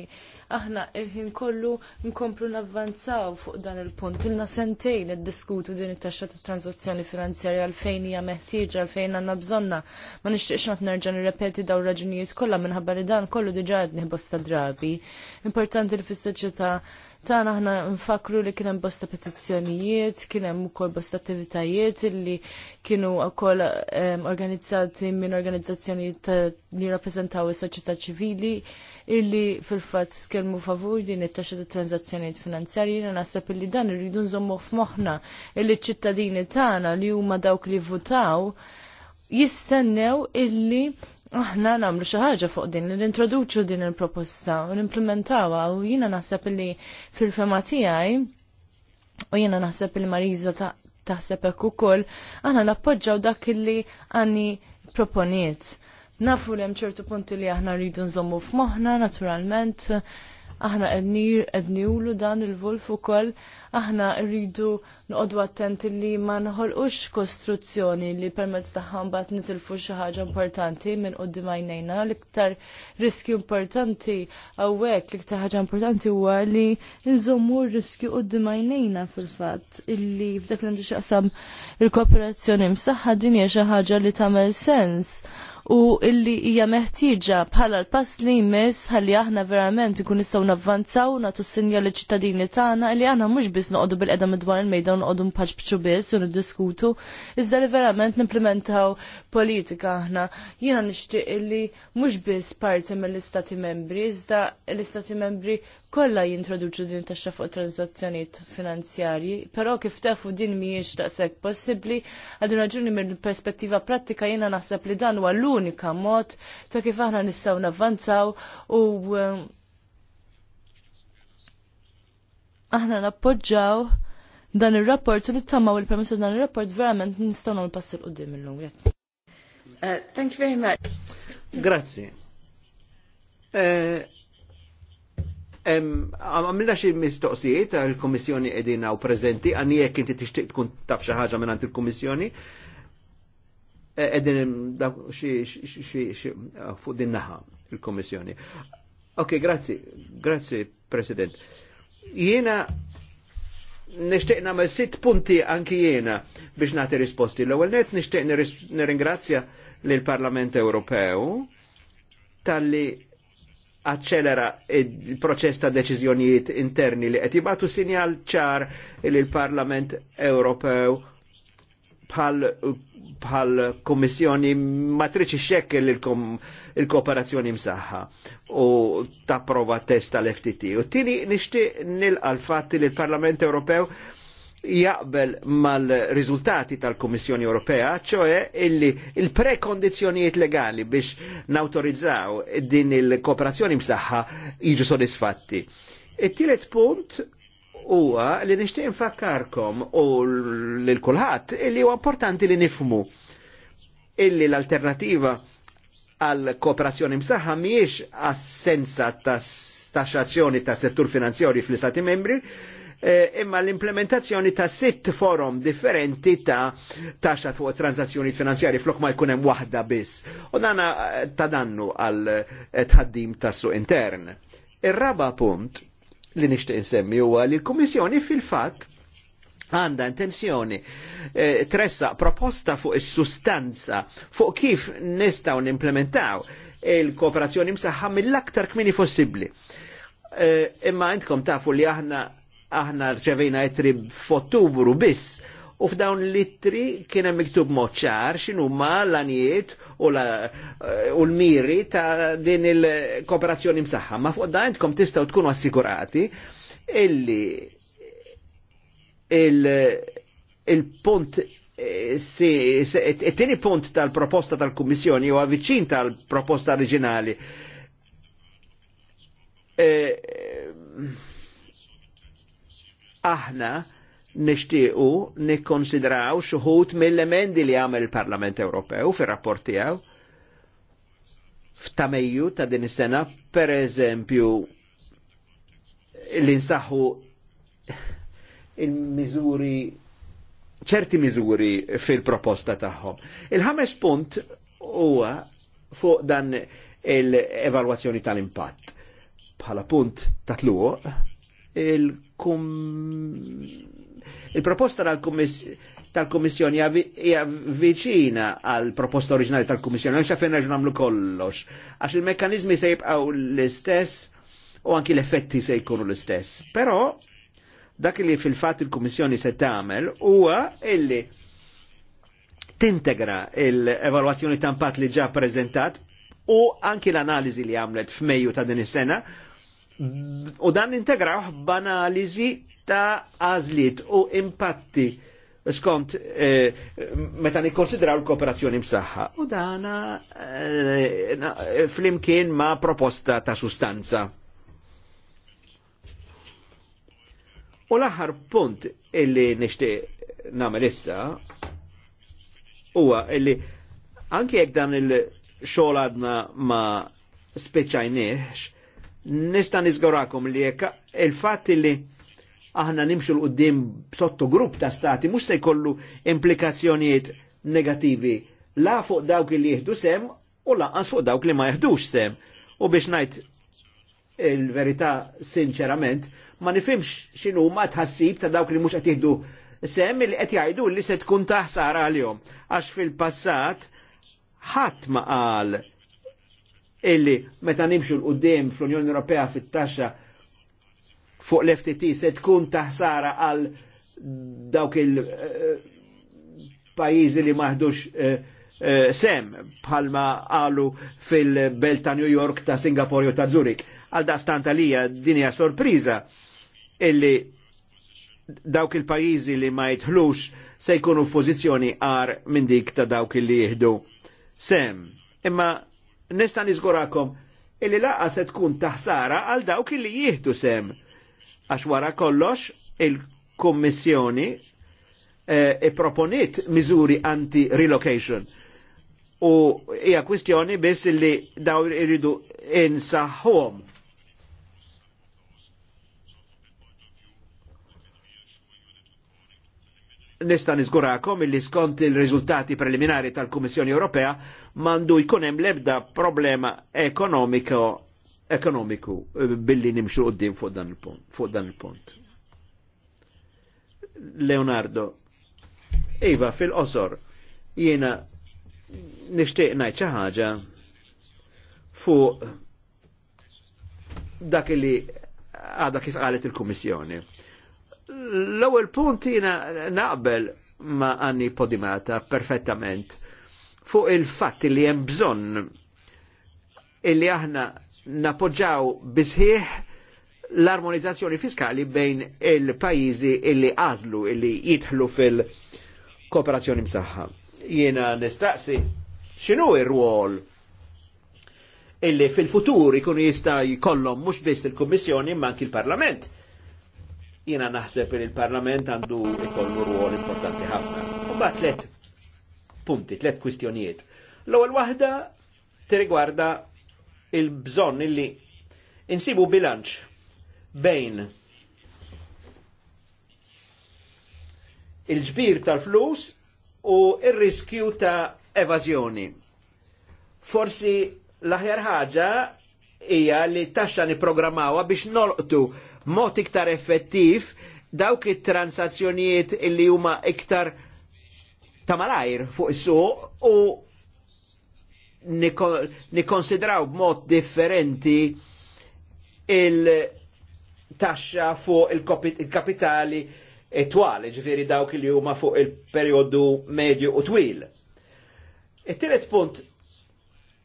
aħna il-ħin kollu nkomplu navvanzaw fuq dan il-punt. Ilna sentejn iddiskutu din it-taxxa tat transazzjoni finanzjarja għalfejn hija meħtieġa għalfejn għandna bżonna. Ma nixtieqx nagħt nerġa' nirrepeti daw raġunijiet kollha minħabba li dan kollu diġà qed bosta drabi. Importanti li fis-soċjetà Tana aħna nfakru li kien hemm bosta petizzjonijiet, kien hemm ukoll bosta attivitajiet li kienu wkoll organizzati minn organizzazzjonijiet li rappresentaw is-soċjetà ċivili illi fil-fatt skelmu favur din it-taxxa ta' tranzazzjonijiet finanzjarji jiena naħseb illi dan irridu nżommu f'moħħna illi ċ-ċittadini tagħna li huma dawk li votaw jistennew illi aħna namlu xi ħaġa fuq din li nintroduċu din il-proposta u nimplementawha u jiena naħseb li fil-fema tiegħi u jiena naħseb li Mariza taħseb hekk ukoll aħna nappoġġaw dak li għani proponiet. Nafu li hemm ċertu punti li aħna rridu nżommu f'moħħna naturalment aħna qed dan il-vulf ukoll aħna rridu noqogħdu attenti li ma nħolqux kostruzzjoni li permezz tagħha bat nisilfu xi ħaġa importanti minn qudiem għajnejna l-iktar riskju importanti għawek l-iktar ħaġa importanti huwa li nżommu riski riskju qudiem għajnejna fil-fatt illi f'dak li għandu il-kooperazzjoni msaħħa din hija xi ħaġa li tagħmel sens u illi hija meħtieġa bħala l-pass li jmiss ħalli aħna verament ikun nistgħu navvanzaw nagħtu sinja liċ ċittadini tagħna li aħna mhux biss noqogħdu bil-qeda midwar il-mejda u noqogħdu mpaċbċu biss u niddiskutu iżda li verament nimplementaw politika aħna. Jiena nixtieq illi mhux biss parti mill-Istati Membri iżda l-Istati Membri Kolla jintroduċu din taxxa fuq transazzjonijiet finanzjarji, però kif tafu din mhijiex daqshekk possibbli, għal raġuni mill-perspettiva prattika jiena naħseb li dan huwa l-unika mod ta' kif aħna nistgħu navvanzaw u eh, aħna nappoġġaw dan il-rapport u nittamaw il-permessu dan il-rapport verament nistaw nagħmlu passil qudiem illum. Grazzi. Uh, thank you very much. Grazzi. Uh, Għamilna xi mistoqsijiet għal-Komissjoni edina u prezenti, għanni jekk inti tixtieq tkun taf xi ħaġa minn il-Komissjoni, e, edin ah, fuq din naħa il-Komissjoni. Ok, grazzi, grazzi, President. Jiena nishtiq namel sitt punti anki jiena biex nagħti risposti. L-ewwel net nishtiq nirringrazzja lill-Parlament Ewropew tal-li accelera il-proċess ta' deċiżjonijiet interni li qed jibatu sinjal ċar li l-Parlament Ewropew bħal bħal kommissjoni matriċi xekkel il-kooperazzjoni msaħħa u ta' prova test tal-FTT. U tini nishti nil l li l-Parlament Ewropew jaqbel mal-riżultati tal komissjoni Ewropea, ċoe illi il-prekondizjonijiet legali biex nautorizzaw din il-kooperazzjoni msaħħa jiġu sodisfatti. It-tielet punt huwa li nixtieq infakkarkom u lil kulħadd illi huwa importanti li nifmu illi l-alternativa għal kooperazzjoni msaħħa mhijiex assenza ta' staxazzjoni ta' settur finanzjari fl-Istati membri, Eh, imma l-implementazzjoni ta' sitt forum differenti ta' taxa fuq transazzjoni finanzjari flok ma jkun hemm waħda biss. U dana eh, ta' dannu għal eh, tħaddim tas-suq intern. Ir-raba punt li nixtieq insemmi huwa li l-Kummissjoni fil-fatt għanda intenzjoni eh, tressa proposta fuq is-sustanza fuq kif nistgħu nimplementaw il-kooperazzjoni msaħħa mill-aktar kmini possibbli. Imma għandkom tafu li aħna aħna rċevejna itrib f'Ottubru biss u f'dawn l-ittri kien hemm miktub moċċar x'inhuma l-anijiet eh, u l-miri ta' din il-kooperazzjoni msaħħa. Ma fuq da intkom tistgħu tkunu assikurati illi il-punt eh, it-tieni e-, e punt tal-proposta tal-Kummissjoni huwa viċin tal-proposta oriġinali eh, aħna nishtiqu nikkonsidraw xuħut mill-emendi li għamel il-Parlament Ewropew fir-rapport tiegħu f'tamejju ta' din is-sena, per eżempju, li nsaħħu il-miżuri ċerti miżuri fil-proposta tagħhom. Il-ħames punt huwa fuq dan l-evalwazzjoni tal-impatt. Bħala punt tatluq, il-proposta tal kommissjoni hija viċina għal proposta oriġinali tal kommissjoni għax fejn raġun nagħmlu kollox, għax il-mekkanizmi se jibqgħu l-istess u anki l-effetti se jkunu l-istess. Però dak li fil-fatt il kommissjoni se tagħmel huwa illi tintegra l-evalwazzjoni tampat li ġa preżentat u anki l-analiżi li għamlet f'Mejju ta' din is-sena U dan integraw banalizi ta' għazliet u impatti skont e, meta nikkonsidraw l-kooperazzjoni msaħħa. U dana e, e, flimkien ma' proposta ta' sustanza. U l-aħħar punt illi nishti nagħmel issa huwa illi anke jekk dan il-xogħol għadna ma speċajniex, Nista' niżgorakom li jekk il-fatt li aħna nimxu l-qoddim sotto grupp ta' stati mhux se jkollu implikazzjonijiet negativi la fuq dawk li jieħdu sem u lanqas fuq dawk li ma jeħdux sem. U biex ngħid il-verità sinċerament, ma nifimx xinu ma tħassib ta' dawk li mhux qed jieħdu sem li qed jgħidu li se tkun taħsara għalihom. Għax fil-passat ħadd ma qal illi meta nimxu l-qoddim fl-Unjoni Ewropea fit-taxxa fuq l-FTT se tkun taħsara għal dawk il eh, pajjiżi li maħdux eh, eh, sem bħalma għalu fil-belt ta' New York, ta' Singapore u ta' Zurich. Għal da' stanta li dinja sorpriza illi dawk il pajjiżi li ma jitħlux se jkunu f'pożizzjoni għar minn dik ta' dawk li jihdu sem. Imma nista' nizgurakom illi laqa se tkun taħsara għal dawk illi jieħdu sem. Għax wara kollox il-Kummissjoni e eh, proponit miżuri anti-relocation. U hija kwistjoni biss illi daw iridu insaħħuhom nista' niżgurakom illi skont il-riżultati preliminari tal-Kummissjoni Ewropea mandu jkun hemm l-ebda problema ekonomiko ekonomiku eh, billi nimxu qoddim fuq dan il-punt. Fuq dan il-punt. Leonardo, Iva, fil-qosor, jiena nixtieq ngħid xi ħaġa fuq dak li għada kif qalet il-Kummissjoni L-ewwel punt jiena naqbel ma' Anni Podimata perfettament fuq il-fatt li hemm bżonn illi aħna napoġġaw bisħieħ l-armonizzazzjoni fiskali bejn il-pajjiżi illi għażlu illi jidħlu fil-kooperazzjoni msaħħa. Jiena nistaqsi x'inhu ir-rwol illi fil-futur ikun jista' jkollhom mhux biss il-Kummissjoni ma anki il-Parlament Jina naħseb li l-Parlament għandu ikollu ruol importanti ħafna. U bat tlet punti, tlet kwistjonijiet. L-ewwel waħda tirigwarda il-bżonn illi insibu bilanċ bejn il-ġbir tal-flus u ir riskju ta' evażjoni. Forsi l-aħjar ħaġa hija li taxxa niprogrammawa biex nolqtu mod iktar effettiv dawk it-transazzjonijiet illi huma iktar ta' malajr fuq is-suq u nikkonsidraw b'mod differenti il-taxxa fuq il-kapitali etwali, ġifiri dawk li huma fuq il-perjodu medju u twil. It-tielet punt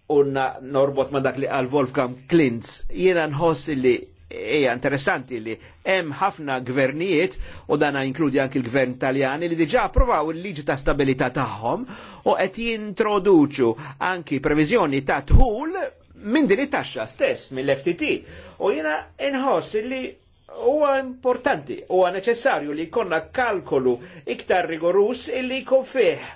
unna norbot ma dak li għal Wolfgang Klintz, jiena nħoss li eja interessanti li hemm ħafna gvernijiet u dana inkludi anki l-gvern Taljani li diġà approvaw il-liġi ta' stabilità tagħhom u qed jintroduċu anki previżjoni ta' tħul minn din it-taxxa stess mill-FTT. U jiena inħoss li huwa importanti, huwa neċessarju li jkollna kalkolu iktar rigorus illi jkun fih,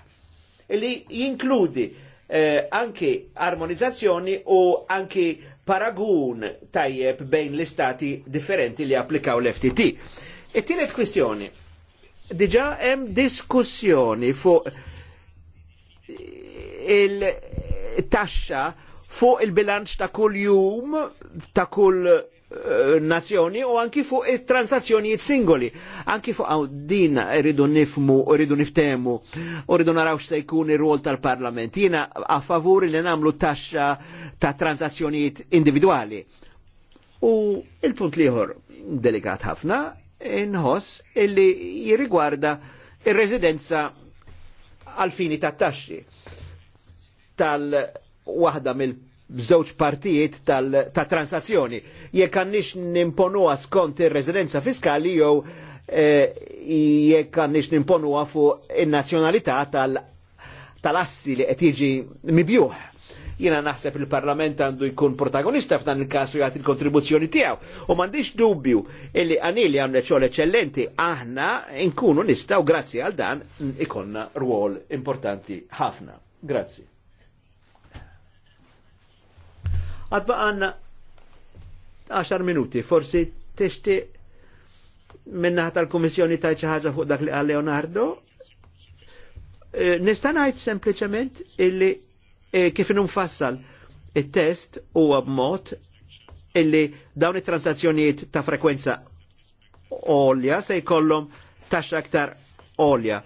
illi jinkludi eh, anki armonizzazzjoni u anki paragun tajjeb bejn l-istati differenti li applikaw l-FTT. It-tielet kwistjoni. Diġa diskussjoni fuq il-taxxa fuq il-bilanċ ta' kull jum, ta' kull Eh, nazzjoni u anki fuq transazzjonijiet singoli. Anki fuq għaw din rridu nifmu, rridu niftemu, u rridu naraw se jkun ir-rol tal-parlament. Jina a favuri li namlu taxxa ta' transazzjonijiet individuali. U il-punt liħor delikat ħafna, inħoss illi jirrigwarda ir-residenza għal fini ta' taxxi tal-wahda mill bżewġ partijiet ta' transazzjoni. Jekk għandix nimponuha skont ir-residenza fiskali jew eh, jekk għandix nimponuha fuq in-nazzjonalità tal-assi li qed jiġi mibjuħ. Jiena naħseb il-Parlament għandu jkun protagonista f'dan il-każ u jagħti l-kontribuzzjoni tiegħu. U m'għandix dubju illi għanili għamlet xogħol eċċellenti aħna nkunu nistgħu grazzi għal dan ikollna rwol importanti ħafna. Grazzi. Għadba għanna 10 minuti, forsi tixti minnaħat tal-Komissjoni tajċa ħaġa fuq dak li għal Leonardo. Eh, nista' ngħid sempliċement illi eh, kif inhu mfassal it-test huwa b'mod illi dawn it-transazzjonijiet ta' frekwenza olja se jkollhom taxxa aktar olja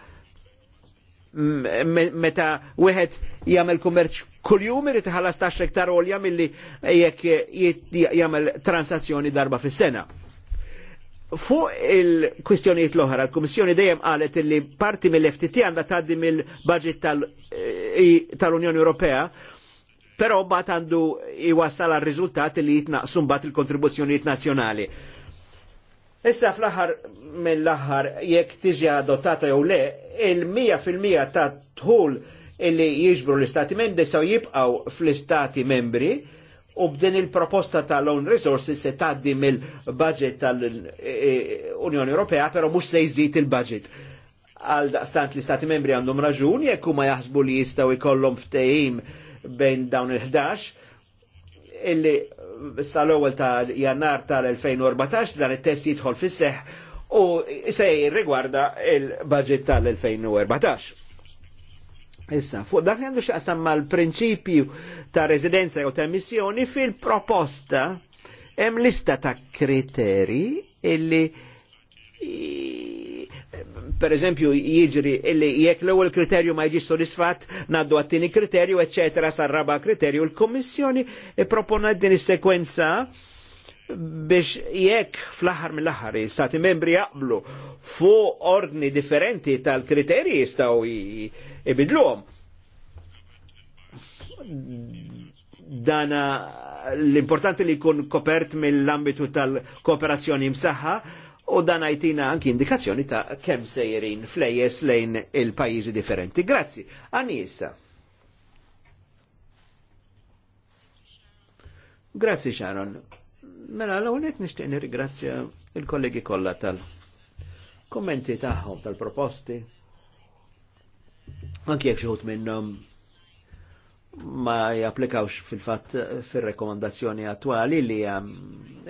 meta wieħed jagħmel kummerċ kuljum irid iħallas tax ektar olja milli jekk jagħmel transazzjoni darba fis-sena. Fuq il-kwistjonijiet l-oħra, l-Kummissjoni dejjem qalet li parti mill-FTT għandha tgħaddi mill-budget tal-Unjoni Ewropea, però mbagħad għandu jwassal għar riżultat li jitnaqsu mbagħad il-kontribuzzjonijiet nazzjonali. Issa fl-aħħar mill-aħħar jekk tiġi adottata jew le, il-100% ta' tħul illi jiġbru l-istati membri saw jibqaw fl-istati membri u b'din il-proposta tal-own resources se taddi mill-budget tal-Unjoni Ewropea, pero mux se jżid il-budget. Għal daqstant l-istati membri għandhom raġun, jekk ma jaħsbu li jistaw ikollhom ftehim bejn dawn il-11 illi sal-ewwel ta' jannar tal-2014 dan it-test jidħol fis-seħħ u se rigwarda il-budget tal-2014. Issa, fuq dak għandu xaqsam mal-prinċipju ta' residenza u ta' missjoni fil-proposta hemm lista ta' kriteri illi per eżempju jiġri illi jekk l-ewwel kriterju ma jiġix sodisfatt ngħaddu għat-tieni kriterju, eċetera sarraba kriterju. L-Kommissjoni propona din is-sekwenza biex jekk fl-aħħar mill-aħħar stati membri jaqblu fuq ordni differenti tal-kriterji jistgħu ibidluhom. Dana eh, l-importanti li jkun kopert mill-ambitu tal-kooperazzjoni msaħħa u dan għajtina anki indikazzjoni ta' kemm sejrin flejjes lejn il-pajjiżi differenti. Grazzi. Anissa. Grazzi Sharon Mela, l-għonet nishtiq nirringrazzja il-kollegi kollha tal-kommenti tagħhom, tal-proposti. Anki jekk xogħod minnhom ma japplikawx fil-fatt fir-rekomandazzjoni attwali li hija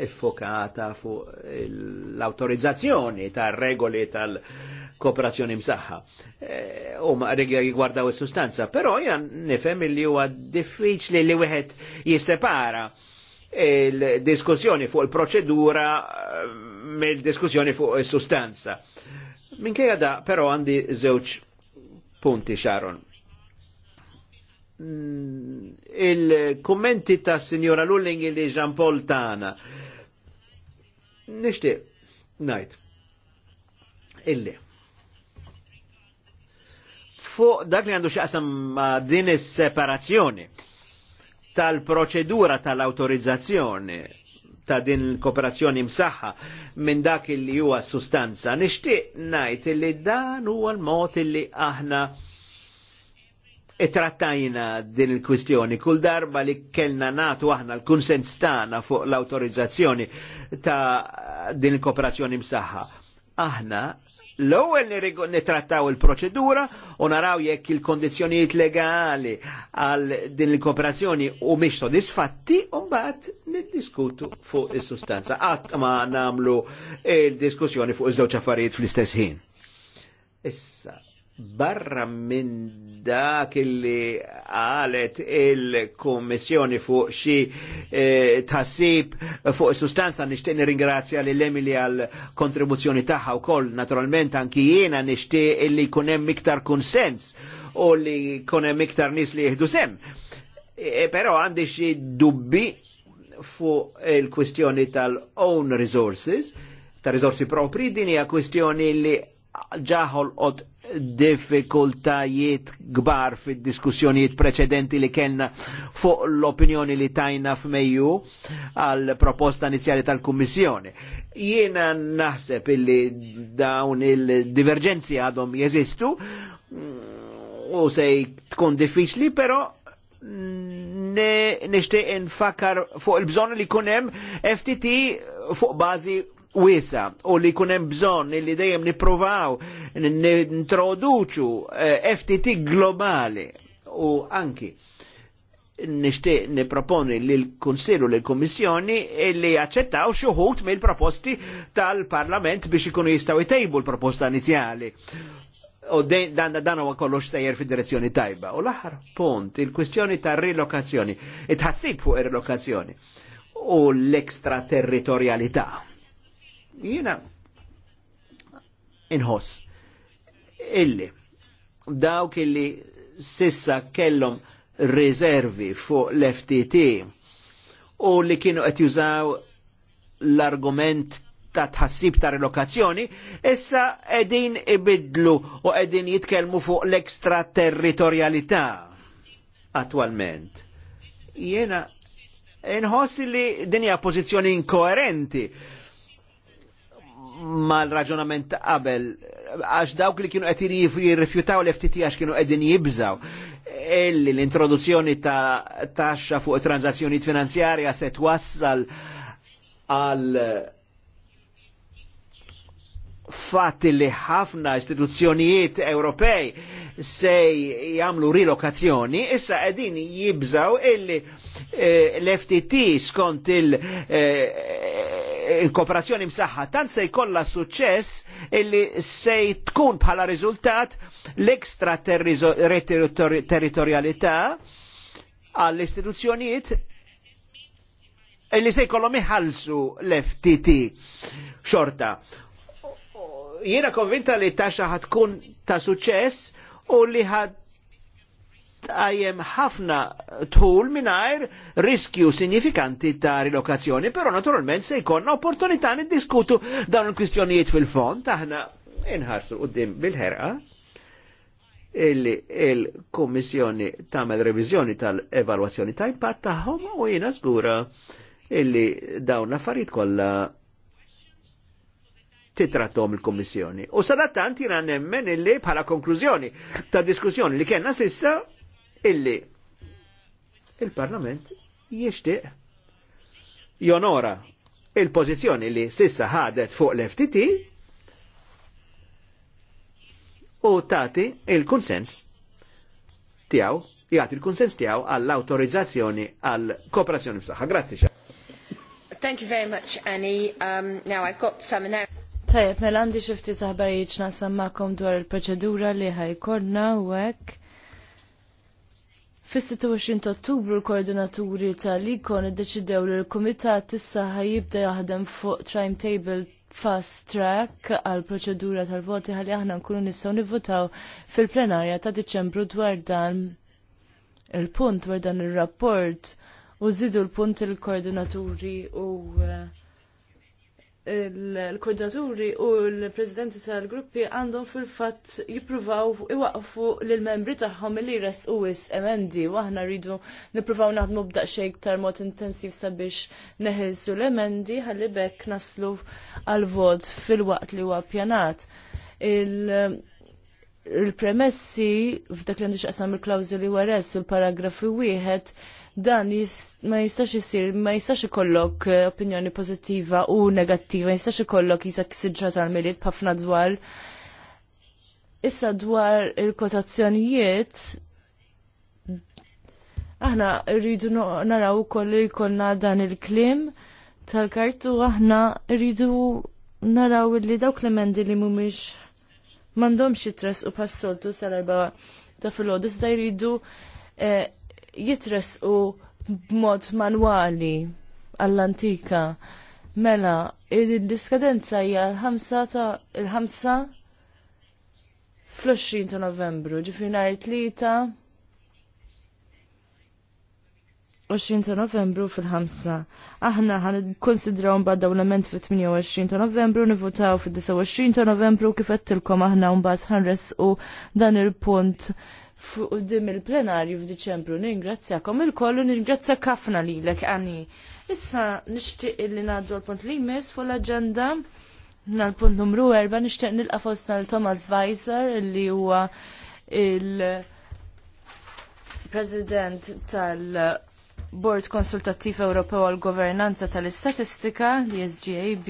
effokata fuq l-autorizzazzjoni tar-regoli tal-kooperazzjoni msaħħa. Eh, U ma rigwardaw il sustanza però hija nifhem li huwa diffiċli li wieħed jissepara il-diskussjoni fuq il-proċedura eh, mill-diskussjoni fuq il-sustanza. Minkejja da, però għandi żewġ punti, Sharon. Mm, Il-kommenti ta' Signora Lulling li e Jean Paul Tana. Nishti, najt. Illi. Fuq dak li għandu xaqsam ma' din is-separazzjoni tal-proċedura tal-autorizzazzjoni ta' din l-kooperazzjoni msaħħa minn dak li huwa sustanza. Nixtieq ngħid li dan huwa l-mod li aħna trattajna din il-kwistjoni. Kull darba li kellna natu aħna l-kunsens tagħna fuq l-autorizzazzjoni ta' din il-kooperazzjoni msaħħa. Aħna l-ewwel nitrattaw il-proċedura u naraw jekk il-kondizzjonijiet legali għal din il-kooperazzjoni u mhix sodisfatti u mbagħad niddiskutu fuq is-sustanza qatt ma nagħmlu il-diskussjoni fuq iż-żewġ affarijiet fl-istess ħin. Issa, barra minn dak illi għalet il-Kommissjoni fuq xi eh, tassib fuq sustanza nixtieq nirringrazzja lil Emilia għal kontribuzzjoni tagħha wkoll naturalment anki jiena nixtieq illi jkun hemm iktar kunsens u li jkun hemm iktar nies li jieħdu sem. E, però għandi xi dubbi fuq il-kwistjoni tal-own resources, ta' resorsi propri, din hija kwistjoni li ġaħol qod diffikultajiet gbar fid-diskussjonijiet preċedenti li kellna fuq l-opinjoni li tajna f'Mejju għal proposta inizjali tal-Kummissjoni. Jiena naħseb illi dawn il-divergenzi għadhom jeżistu u se tkun diffiċli, però nishtiq nfakkar fuq il-bżon li kunem FTT fuq bazi wiesa u li kunem bżon li dejjem niprovaw nintroduċu eh, FTT globali u anki nishtiq niproponi l-Konsilu l-Kommissjoni eh, li jaċċettaw xuħut mill-proposti tal-Parlament biex ikunu jistaw jtejbu l-proposta inizjali. U dan dan huwa kollox sejjer fid-direzzjoni tajba. U l-aħħar punt, il-kwistjoni ta' rilokazzjoni, itħassib fuq ir-rilokazzjoni u l-ekstraterritorialità Jiena inħoss illi dawk illi sissa kellhom rizervi fuq l-FTT u li kienu qed jużaw l-argument ta' tħassib ta' relokazzjoni, issa edin ibidlu u edin jitkelmu fuq l-ekstraterritorialità attualment. Jena nħoss li dinja pozizjoni inkoerenti mal-raġunament qabel, għax dawk li kienu għetini jirrifjutaw l-FTT għax kienu għedin jibżaw illi l-introduzzjoni ta' taxxa fuq transazzjoni finanzjarja se twassal għal fatti li ħafna istituzzjonijiet Ewropej se jagħmlu rilokazzjoni, issa qegħdin jibżaw illi eh, l-FTT skont il- eh, il-kooperazzjoni msaħħa tant se jkollha suċċess illi se tkun bħala riżultat l-ekstra territorjalità għall-istituzzjonijiet illi se jkollhom iħallsu l-FTT xorta. Jiena konvinta li taxxa ħatkun ta' suċċess u li ħad għajem ħafna tħul mingħajr riskju sinifikanti ta' rilokazzjoni, però naturalment se jkollna opportunità niddiskutu dawn il-kwistjonijiet fil-fond aħna inħarsu dim bil-ħerqa illi il-Kommissjoni tagħmel revizjoni tal-evalwazzjoni ta' impatt tagħhom u jiena żgura illi dawn affarijiet kollha titrattom il-Kommissjoni. U sadattant jina nemmen illi bħala konklużjoni ta' diskussjoni li kena sissa illi il-Parlament jixtieq jonora il-pożizzjoni li sissa ħadet fuq l-FTT u tati il-konsens tiegħu jagħti il-konsens tiegħu għall-autorizzazzjoni għall kooperazzjoni f-saxħa. Grazzi xa. Thank you very much, Annie. Um, now I've got some now. Tajab, mel għandi xifti taħbarijiet xnaqsam dwar il-proċedura li ħajkorna u hekk. Fis-26 Ottubru l-koordinaturi tal-ikon iddeċidew li l-Kumitat issa ħajibda jaħdem fuq timetable fast track għal proċedura tal-voti ħalli aħna nkunu nistgħu nivvotaw fil-plenarja ta' Diċembru dwar dan il-punt dwar dan ir-rapport u żidu l-punt il-koordinaturi u uh, il koordinaturi u l presidenti tal-gruppi għandhom fil-fatt jippruvaw iwaqfu l-membri tagħhom li res u wis emendi u aħna rridu nippruvaw naħdmu b'daqxej iktar mod intensiv sabiex neħilsu l-emendi ħalli bekk naslu għal-vot fil-waqt li huwa pjanat. Il-premessi f'dak li għandix il-klawżoli wares u l-paragrafi wieħed dan ma jistax jisir, ma jistax ikollok eh, opinjoni pozittiva u negattiva, ma jistax ikollok jisak siġra tal-miliet pafna dwar. Issa dwar il-kotazzjonijiet, aħna rridu naraw ukoll li jkollna dan il-klim tal-kartu aħna rridu naraw li dawk l-emendi li mhumiex m'għandhomx jitrasqu pas-soltu sal arba ta' filgħodu da' jridu eh, jitresqu b'mod manwali għall-antika. Mela, il-diskadenza hija l-5 ta' il-5 fl-20 ta' Novembru, ġifri nhar tlieta 20 ta' Novembru fil-5. Aħna ħan konsidraw mbagħad dawlament fit-28 ta' Novembru, nivutaw fid-29 ta' Novembru kif tilkom aħna mbagħad ħanresqu dan il-punt fuq il-plenarju f'Diċembru. Ningrazzjakom il-kollu, ningrazzja kafna li l għani. Issa nishtiq li naddu għal-punt li jmiss fuq l-agenda. Nal-punt numru 4 nishtiq nilqa fostna l-Thomas Weiser li huwa il-President tal- Bord Konsultattiv Ewropew għal Governanza tal-Istatistika, l-SGAB,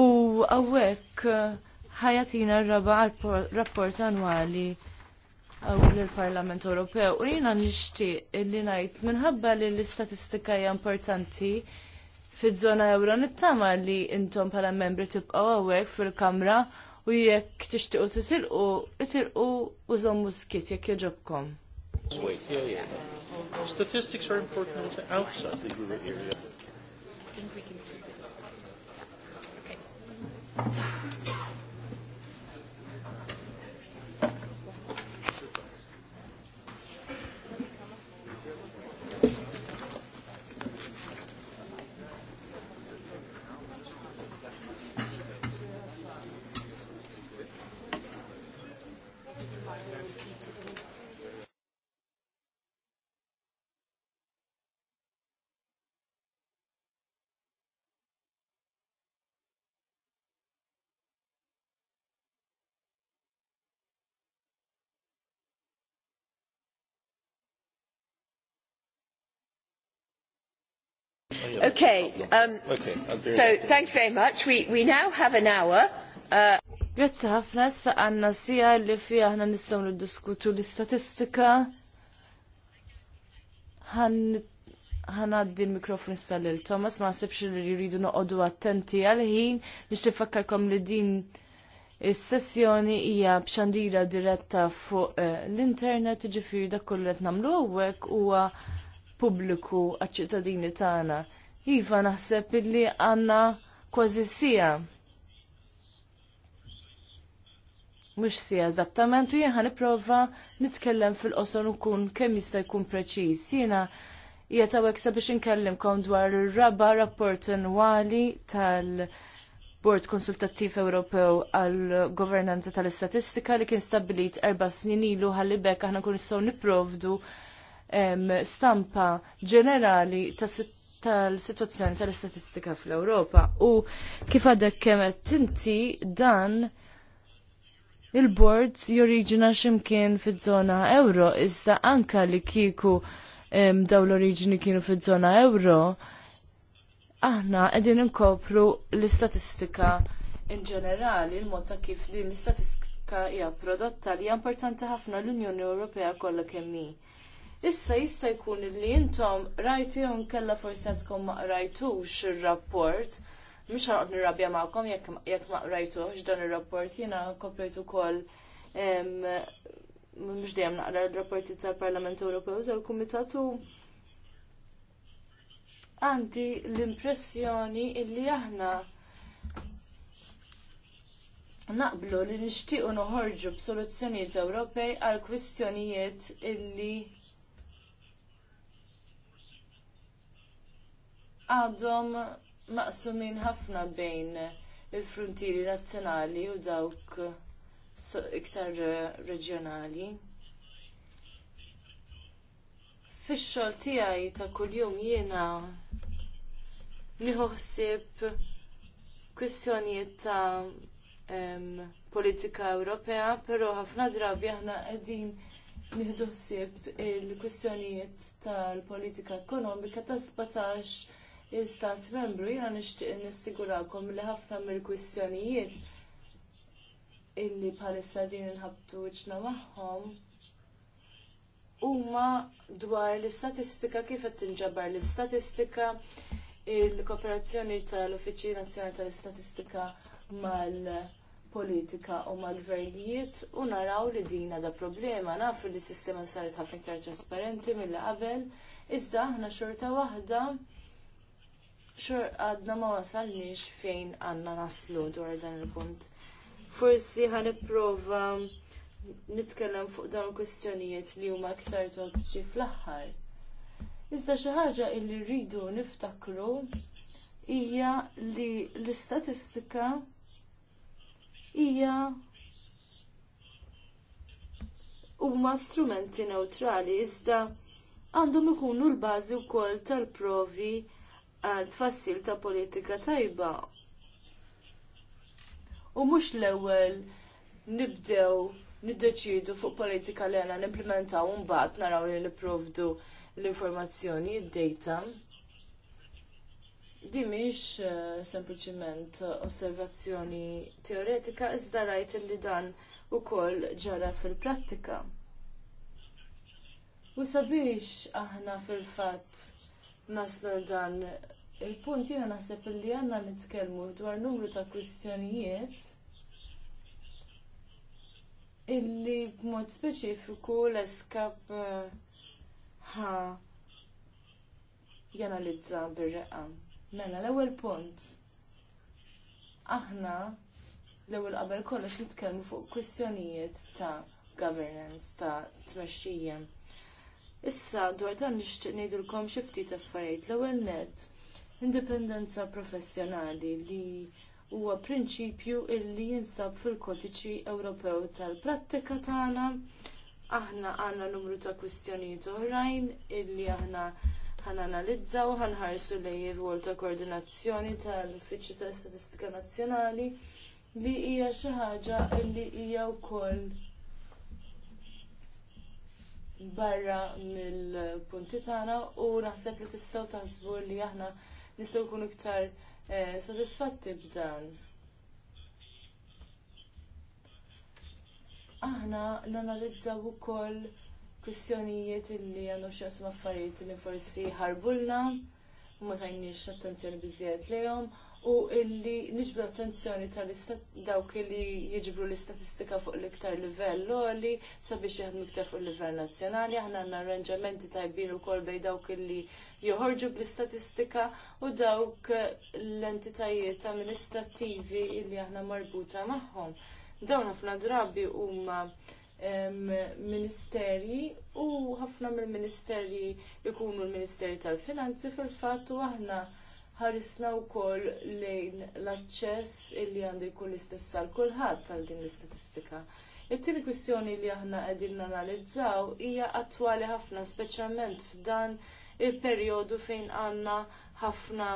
u għawek ħajatina r-raba rapport annwali għaw l-Parlament Ewropew. U jina nishtiq li najt minħabba li l-istatistika hija importanti fid-żona euro nittama li intom pala membri tibqgħu hawnhekk fil-kamra u jekk tixtiqu titilqu, itilqu u żommu skit jekk jogħġobkom. Statistics are important outside the euro area. I think we can keep it as well. Okay. Okay, um, okay so thank you very much. We, we now have an hour. Uh... Grazzi ħafna sa' għanna sija li fi ħna nistgħu niddiskutu l-istatistika. Ħanaddi l-mikrofon issa lil Thomas ma nsibx li jridu noqogħdu attenti għal ħin biex tifakkarkom li din is-sessjoni hija b'xandira diretta fuq eh, l-internet, ġifiri dak kollu qed nagħmlu u huwa pubbliku għaċ-ċittadini tagħna. Iva naħseb illi għandna kważi sija. Mhux sija eżattament u jien ħaniprova nitkellem fil-qosor ukun kemm jista' jkun preċiż. Jiena qiegħed hawnhekk biex inkellimkom dwar ir-raba rapport annwali tal- Bord Konsultattiv Ewropew għal Governanza tal-Istatistika li kien stabbilit erba snin ilu ħalli bekk aħna kun nistgħu nipprovdu stampa ġenerali tal-situazzjoni tal-istatistika fl-Ewropa. U kif għadek kemet inti dan il boards joriġina ximkien fil zona euro, iżda anka li kiku daw l-oriġini kienu fil-żona euro, aħna qegħdin inkopru l-istatistika in ġenerali, il-mod ta' kif din l-istatistika hija prodotta li hija importanti ħafna l-Unjoni Ewropea kollha kemm hi. Issa jista' jkun li intom rajtu jew kella forsi għandkom ma qrajtux ir-rapport. Mhux ħarqod nirrabja magħkom jekk ma qrajtux dan ir-rapport jiena komplejt ukoll mhux dejjem naqra r-rapporti tal-Parlament Ewropew tal-Kumitatu. Għandi l-impressjoni illi aħna naqblu li nixtiequ noħorġu b'soluzzjonijiet Ewropej għal kwistjonijiet illi għadhom maqsumin ħafna bejn il-frontieri nazzjonali u dawk iktar reġjonali. Fix-xogħol tiegħi ta' kuljum jiena nieħu ħsieb kwistjonijiet ta' politika Ewropea, però ħafna drabi aħna qegħdin nieħdu ħsieb il-kwistjonijiet tal-politika ekonomika ta' 17 l-istat membru, jiena nixtieq nissigurakom li ħafna mill-kwistjonijiet illi bħalissa din inħabtu wiċċna magħhom huma dwar l-istatistika kif qed tinġabar l-istatistika il-kooperazzjoni tal-Uffiċċju Nazzjonali tal-Istatistika mal-politika u mal-gvernijiet u naraw li din da problema nafu li s-sistema saret ħafna iktar trasparenti mill qabel iżda aħna xorta waħda xur għadna ma wasalniex fejn għanna naslu dwar dan il-punt. Forsi ħan prova nitkellem fuq dawn kwistjonijiet li huma aktar topċi fl-aħħar. Iżda xi ħaġa li rridu niftakru hija li l-istatistika hija huma strumenti neutrali iżda għandhom ikunu l-bażi wkoll tal-provi għal tfassil ta' politika tajba. U mhux l-ewwel nibdew niddeċidu fuq politika li għana nimplementaw un bat naraw li niprovdu l-informazzjoni, id-data. Di miex eh, sempliciment osservazzjoni teoretika, iżda rajt li dan u koll ġara fil-prattika. U sabiex aħna fil-fat naslu dan il-punt jiena naħseb li għandna nitkellmu dwar numru ta' kwistjonijiet illi b'mod speċifiku l-eskap eh, ħa janalizza bir-reqqa. Mela l-ewwel punt. Aħna l-ewwel qabel kollox nitkellmu fuq kwistjonijiet ta' governance ta' tmexxija Issa dwar dan nixtieq ngħidulkom xi ftit affarijiet l-ewwel nett indipendenza professjonali li huwa prinċipju illi jinsab fil-kodiċi Ewropew tal-prattika tagħna. Aħna għandna numru ta' kwistjonijiet oħrajn illi aħna ħan analizzaw ħanħarsu lejn ir-rwol ta' koordinazzjoni tal-Uffiċċju tal-Statistika Nazzjonali li hija xi ħaġa li hija wkoll barra mill-punti tagħna u naħseb li tistgħu taħsbu li aħna nistgħu nkunu iktar eh, sodisfatti b'dan. Aħna nanalizzaw ukoll kwistjonijiet li għandhom xi affarijiet li forsi ħarbulna u ma tajniex attenzjoni biżjed lejhom u illi niġbdu attenzjoni tal dawk illi jiġbru l-istatistika fuq l-iktar livell loli sabiex jaħdmu iktar fuq livell nazzjonali, aħna għandna arranġamenti tajbin ukoll bejn dawk illi joħorġu bl-istatistika u dawk l-entitajiet amministrattivi illi aħna marbuta magħhom. Dawn ħafna drabi huma ministerji u ħafna mill-ministerji jkunu l-Ministerji tal-Finanzi fil-fatt u aħna ħarisna wkoll lejn l-aċċess illi għandu jkun l-istess għal kulħadd għal din l-istatistika. It-tieni kwistjoni li aħna qegħdin nanalizzaw hija attwali ħafna speċjalment f'dan il-perjodu fejn għandna ħafna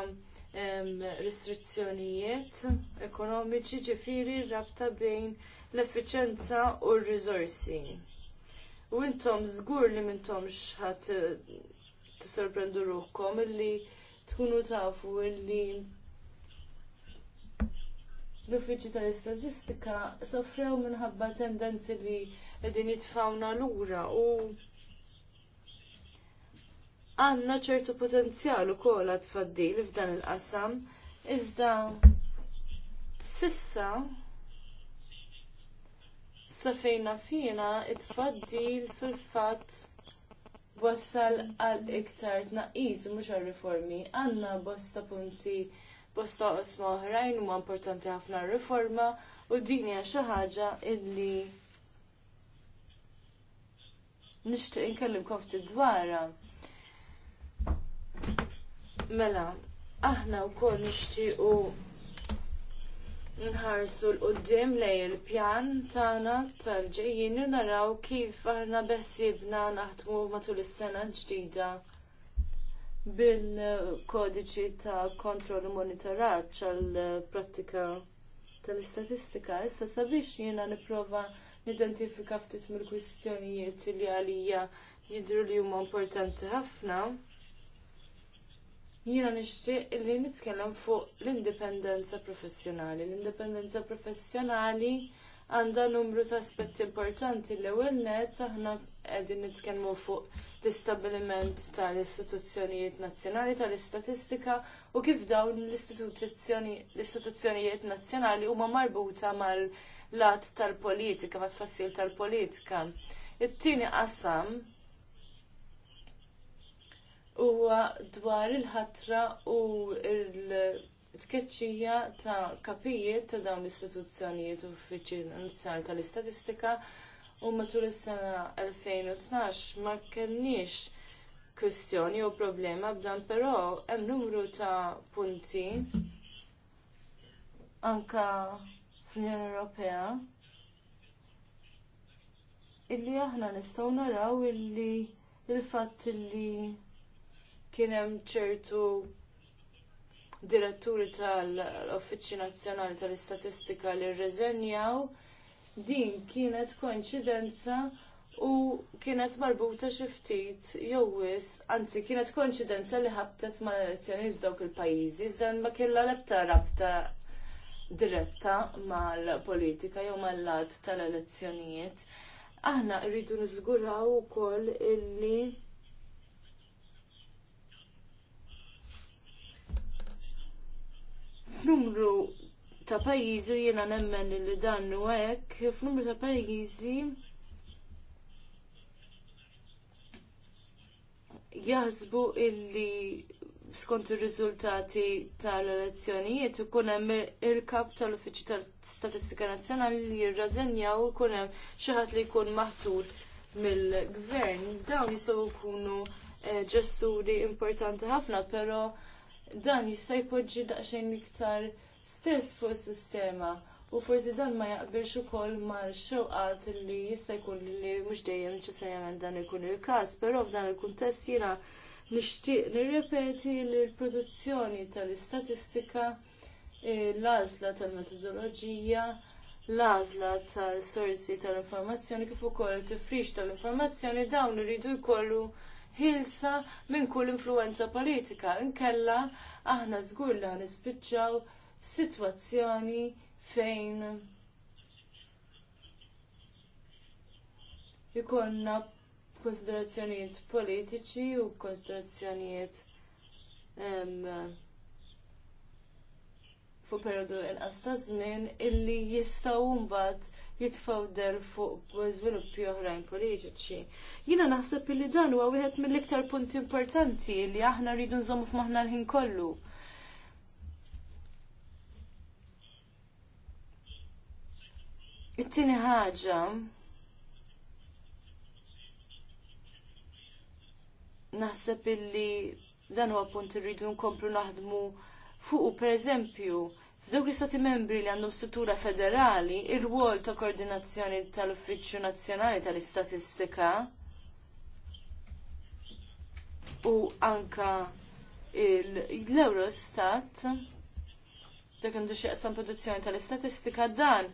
restrizzjonijiet ekonomiċi ġifiri rabta bejn l-effiċenza u r-riżorsi. U intom żgur li mintomx ħadd tisorprendu ruhom illi tkunu tafu illi l-uffiċi tal-istatistika sofrew minħabba tendenzi li qegħdin jitfawna lura u għandna ċertu potenzjal ukoll għad tfaddil f'dan il-qasam iżda sissa safejna fina it-tfaddil fil-fatt wassal għal iktar tnaqqis u mhux għal-riformi. Għandna bosta punti bosta osma oħrajn huma importanti ħafna riforma u din hija xi ħaġa illi nixtieq inkellim kofti dwarha. Mela, aħna wkoll nixtiequ nħarsu l-qoddim lej il-pjan tagħna tal-ġejjin u naraw kif aħna beħsibna naħdmu matul is-sena ġdida bil-kodiċi ta' kontroll u monitoraġġ għall prattika tal-istatistika. Issa sabiex jiena nipprova nidentifika ftit mill-kwistjonijiet li għalija jidhru li huma importanti ħafna. Jiena nixtieq li nitkellem fuq l-indipendenza professjonali. L-indipendenza professjonali għandha numru ta' aspetti importanti l ewwel net aħna qegħdin nitkellmu fuq l-istabiliment tal-istituzzjonijiet nazzjonali tal-istatistika u kif dawn l-istituzzjonijiet nazzjonali huma marbuta mal-lat tal-politika, ma' tfassil tal-politika. It-tieni qasam huwa dwar il-ħatra u l tkeċċija ta' kapijiet ta' dawn l-istituzzjonijiet u uffiċċji nazzjonali tal-istatistika u matul is-sena 2012 ma kenniex kwestjoni u problema b'dan però hemm numru ta' punti anke fl-Unjoni Ewropea illi aħna nistgħu naraw illi il-fatt illi kien hemm ċertu diretturi tal-Uffiċċju Nazzjonali tal-Istatistika li rreżenjaw din kienet koincidenza u kienet marbuta xi ftit jew wis, anzi kienet koincidenza li ħabtet mal elezzjoni f'dawk il-pajjiżi, iżda ma kellha l-ebda rabta diretta mal-politika jew mal-lat tal-elezzjonijiet. Aħna rridu niżguraw ukoll illi f'numru ta' pajjiżi jiena nemmen li dan hekk, f'numru ta' pajjiżi jaħsbu illi skont ir-riżultati tal-elezzjonijiet ikun hemm il-kap tal-Uffiċċju tal-Statistika Nazzjonali li jirrażenjaw ikun hemm xi ħadd li jkun maħtur mill-gvern. Dawn jistgħu jkunu eh, ġesturi importanti ħafna, però dan jista' jpoġġi daqsxejn iktar stress fuq is-sistema u forsi dan ma jaqbilx ukoll mal-xewqat li jista' jkun li mhux dejjem neċessarjament dan ikun il-każ, però f'dan il-kuntest jiena nixtieq nirrepeti li l-produzzjoni tal-istatistika eh, l-għażla tal-metodoloġija l-għażla tal-sorsi tal-informazzjoni kif ukoll tifrix tal-informazzjoni dawn iridu jkollu Hilsa minn kull influenza politika. Inkella aħna żgur li ħanispiċċaw f'sitwazzjoni fejn ikonna konsiderazzjonijiet politiċi u konsiderazzjonijiet fuq periodu inqas ta' żmien illi jistgħu mbagħad jitfawdel fuq żviluppi oħrajn politiċi. Jiena naħseb li dan huwa wieħed mill-iktar punti importanti li aħna rridu nżommu f'moħħna l-ħin kollu. It-tieni ħaġa naħseb illi dan huwa punt irridu nkomplu naħdmu fuq pereżempju F'dawk l-istati membri li għandhom struttura federali, ir wol ta' koordinazzjoni tal-Uffiċċju Nazzjonali tal-Istatistika u anka l-Eurostat, dak għandu xieqsam produzzjoni tal-istatistika, dan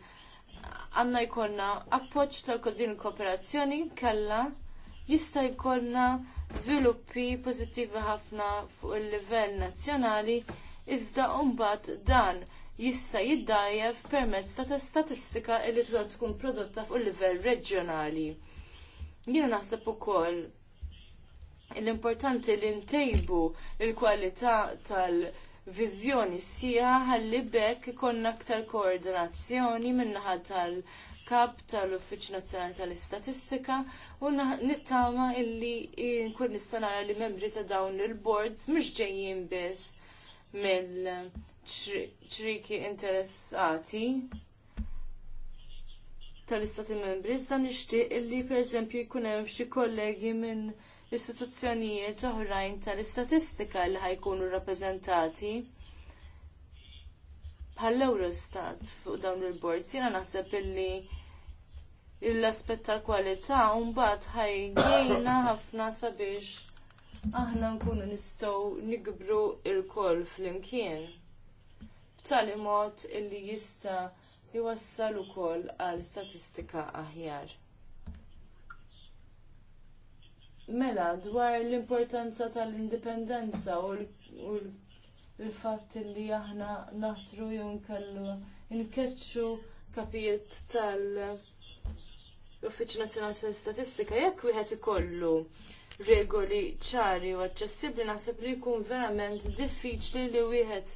għanna jkollna appoċ tal-kodin kooperazzjoni kalla jista' jkollna żviluppi pożittivi ħafna fuq il-livell nazzjonali iżda mbagħad dan jista' jiddajjef permezz ta' statistika li tkun tkun prodotta fuq livell reġjonali. Jiena naħseb ukoll l-importanti li ntejbu l kwalità tal-viżjoni sija ħalli bekk ikonna aktar koordinazzjoni min-naħa tal- kap tal-Uffiċċju Nazzjonali tal-Istatistika u nittama illi nkun nista' nara li membri ta' dawn il-boards mhux ġejjin biss mill ċriki interessati tal-istati membri, iżda nixtieq li pereżempju jkun hemm xi kollegi minn istituzzjonijiet oħrajn tal-istatistika li ħajkunu rappreżentati bħall Eurostat fuq dawn il bords Jiena naħseb illi l-aspett tal-kwalità mbagħad ħajjejna ħafna sabiex aħna nkunu nistgħu nikbru il-koll flimkien b'tali mod illi jista' jwassal ukoll għal statistika aħjar. Mela dwar l-importanza tal-indipendenza u l-fatt li aħna naħtru jew nkellu nkeċċu kapijiet tal-Uffiċċju Nazzjonali tal-Istatistika jekk wieħed ikollu regoli ċari u aċċessibbli naħseb li jkun verament diffiċli li wieħed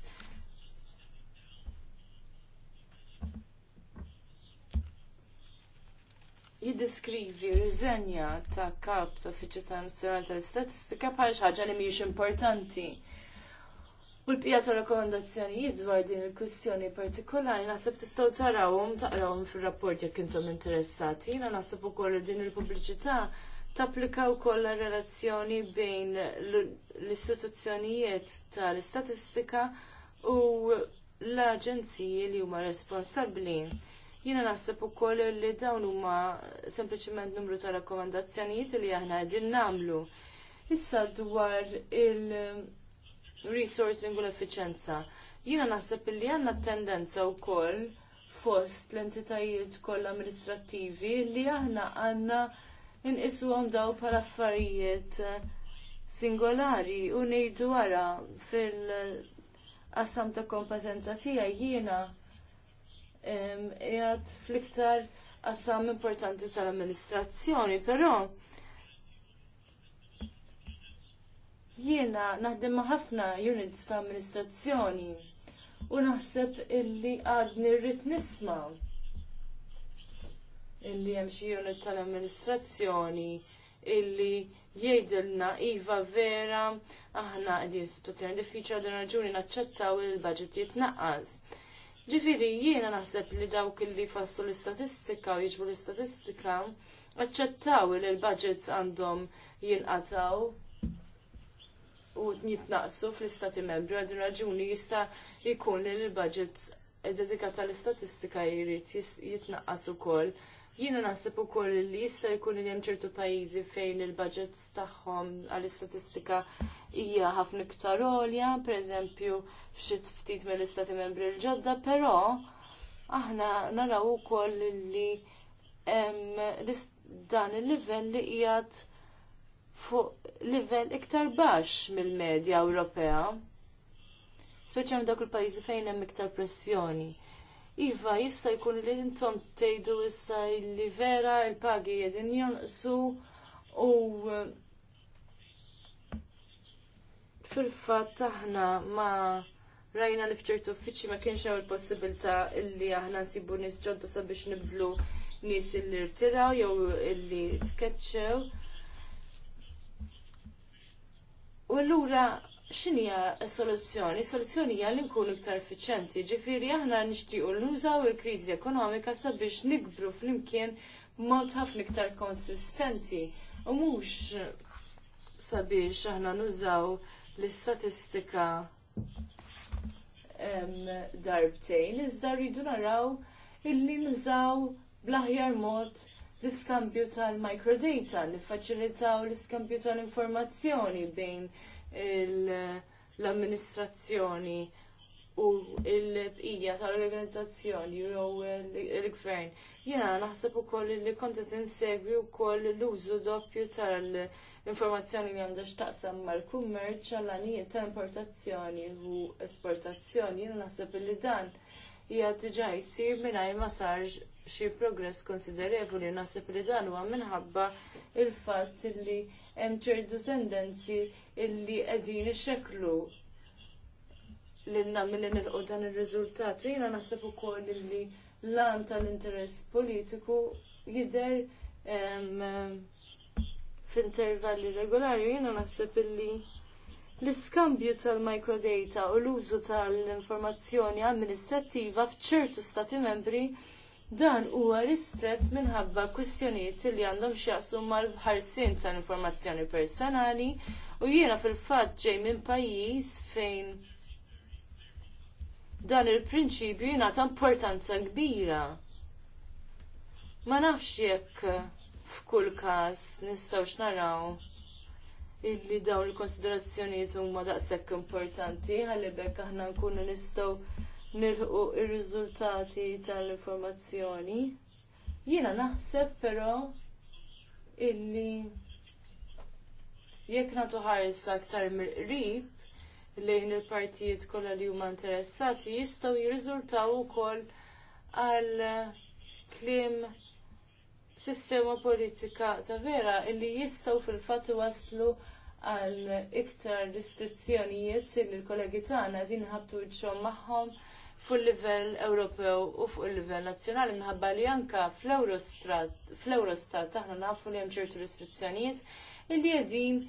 jiddiskrivi riżenja ta' kap ta' Uffiċċju Nazzjonali tal-Istatistika bħal xi ħaġa li mhijiex importanti. U l-bqija ta' rakkomandazzjonijiet dwar din il-kwistjoni partikolari naħseb tistgħu tarawhom taqrawhom fir-rapport jekk intom interessati. Jiena naħseb ukoll li din il-pubbliċità tapplika wkoll relazzjoni bejn l-istituzzjonijiet tal-istatistika u l-aġenziji li huma responsabbli. Jiena naħseb ukoll li dawn huma sempliċement numru ta' rakkomandazzjonijiet li aħna qegħdin nagħmlu. Issa dwar il-resourcing u l-effiċenza. Jiena naħseb li għandna tendenza wkoll fost l-entitajiet kollha amministrattivi li aħna għandna għom daw bħala affarijiet singolari u ngħidu wara fil-qasam ta' kompetenza tiegħi jiena jgħat fliktar iktar importanti tal-amministrazzjoni, però jiena naħdem ma' ħafna units ta' amministrazzjoni u naħseb illi għadni rrit nisma illi hemm xi unit tal-amministrazzjoni illi jgħidilna iva vera aħna qegħdin situazzjoni diffiċli għal raġuni naċċettaw il-budget jitnaqqas Ġifiri, jiena naħseb li dawk li fassu l-istatistika u jiġbu l-istatistika, għacċettaw li l-budgets għandhom jinqataw u jitnaqsu fl-istati membri għad raġuni jista' jkun li l-budgets dedikata l-istatistika jrid jitnaqqas ukoll Jiena naħseb ukoll li jista' jkun li hemm ċertu pajjiżi fejn il-budgets tagħhom għall-istatistika hija ħafna iktar għolja, pereżempju f'xi ftit mill-istati membri l-ġodda, però aħna naraw ukoll li hemm dan il-livell li qiegħed fuq livell iktar baxx mill-medja Ewropea. Speċjalment dawk il-pajjiżi fejn hemm iktar pressjoni. Iva, jista' jkun li intom tgħidu issa li vera l-pagi qegħdin jonqsu u uh, fil-fatt aħna ma rajna li fċertu uffiċċji ma kienx hemm il-possibilità illi aħna nsibu nies ġodda sabiex nibdlu nies illi rtiraw jew illi tkeċċew. U allura x'inhija soluzzjoni Soluzzjoni hija li nkunu iktar effiċenti, ġifieri aħna nixtiequ nużaw il-kriżi ekonomika sabiex nikbru flimkien mod ħafna iktar konsistenti u mhux sabiex aħna nużaw l-istatistika darbtejn, iżda rridu naraw illi nużaw bl-aħjar mod l-iskambju tal-microdata, li faċilitaw l-iskambju tal-informazzjoni bejn l-amministrazzjoni u l-bqija tal-organizzazzjoni jew l-gvern. Jiena naħseb ukoll li kont qed u wkoll l-użu doppju tal-informazzjoni li għandha x'taqsam mal-kummerċ għall tal-importazzjoni u esportazzjoni. Jiena naħseb li dan hija diġà jsir mingħajr ma sarġ xi progress konsiderevoli naħseb li dan huwa minħabba il-fatt li hemm ċertu tendenzi illi qegħdin ixekklu lilna milli nilqgħu dan ir-riżultat. Jiena naħseb ukoll li lan tal-interess politiku jidher f'intervalli regolari jiena naħseb illi L-iskambju tal-microdata u l-użu tal-informazzjoni amministrattiva f'ċertu stati membri Dan huwa ristret minħabba kwistjonijiet li għandhom x'jaqsmu mal-ħarsien tal-informazzjoni personali u jiena fil-fatt ġej minn pajjiż fejn dan il-prinċipju jingħata importanza kbira. Ma nafx jekk f'kull każ nistgħux naraw illi dawn il-konsiderazzjonijiet huma daqshekk importanti ħalli bekk aħna nkunu nistgħu nilħu ir-riżultati tal-informazzjoni. Jiena naħseb però illi jekk nagħtu ħares aktar mill-qrib lejn il-partijiet kollha li huma interessati jistgħu jirriżultaw ukoll għal kliem sistema politika ta' vera illi jistgħu fil-fatt waslu għal iktar restrizzjonijiet illi l-kollegi tagħna din ħabtu ġxom magħhom fuq il-livell Ewropew u fuq il-livell nazzjonali minħabba li anke fl-Eurostat aħna nafu li hemm ċertu restrizzjonijiet li qegħdin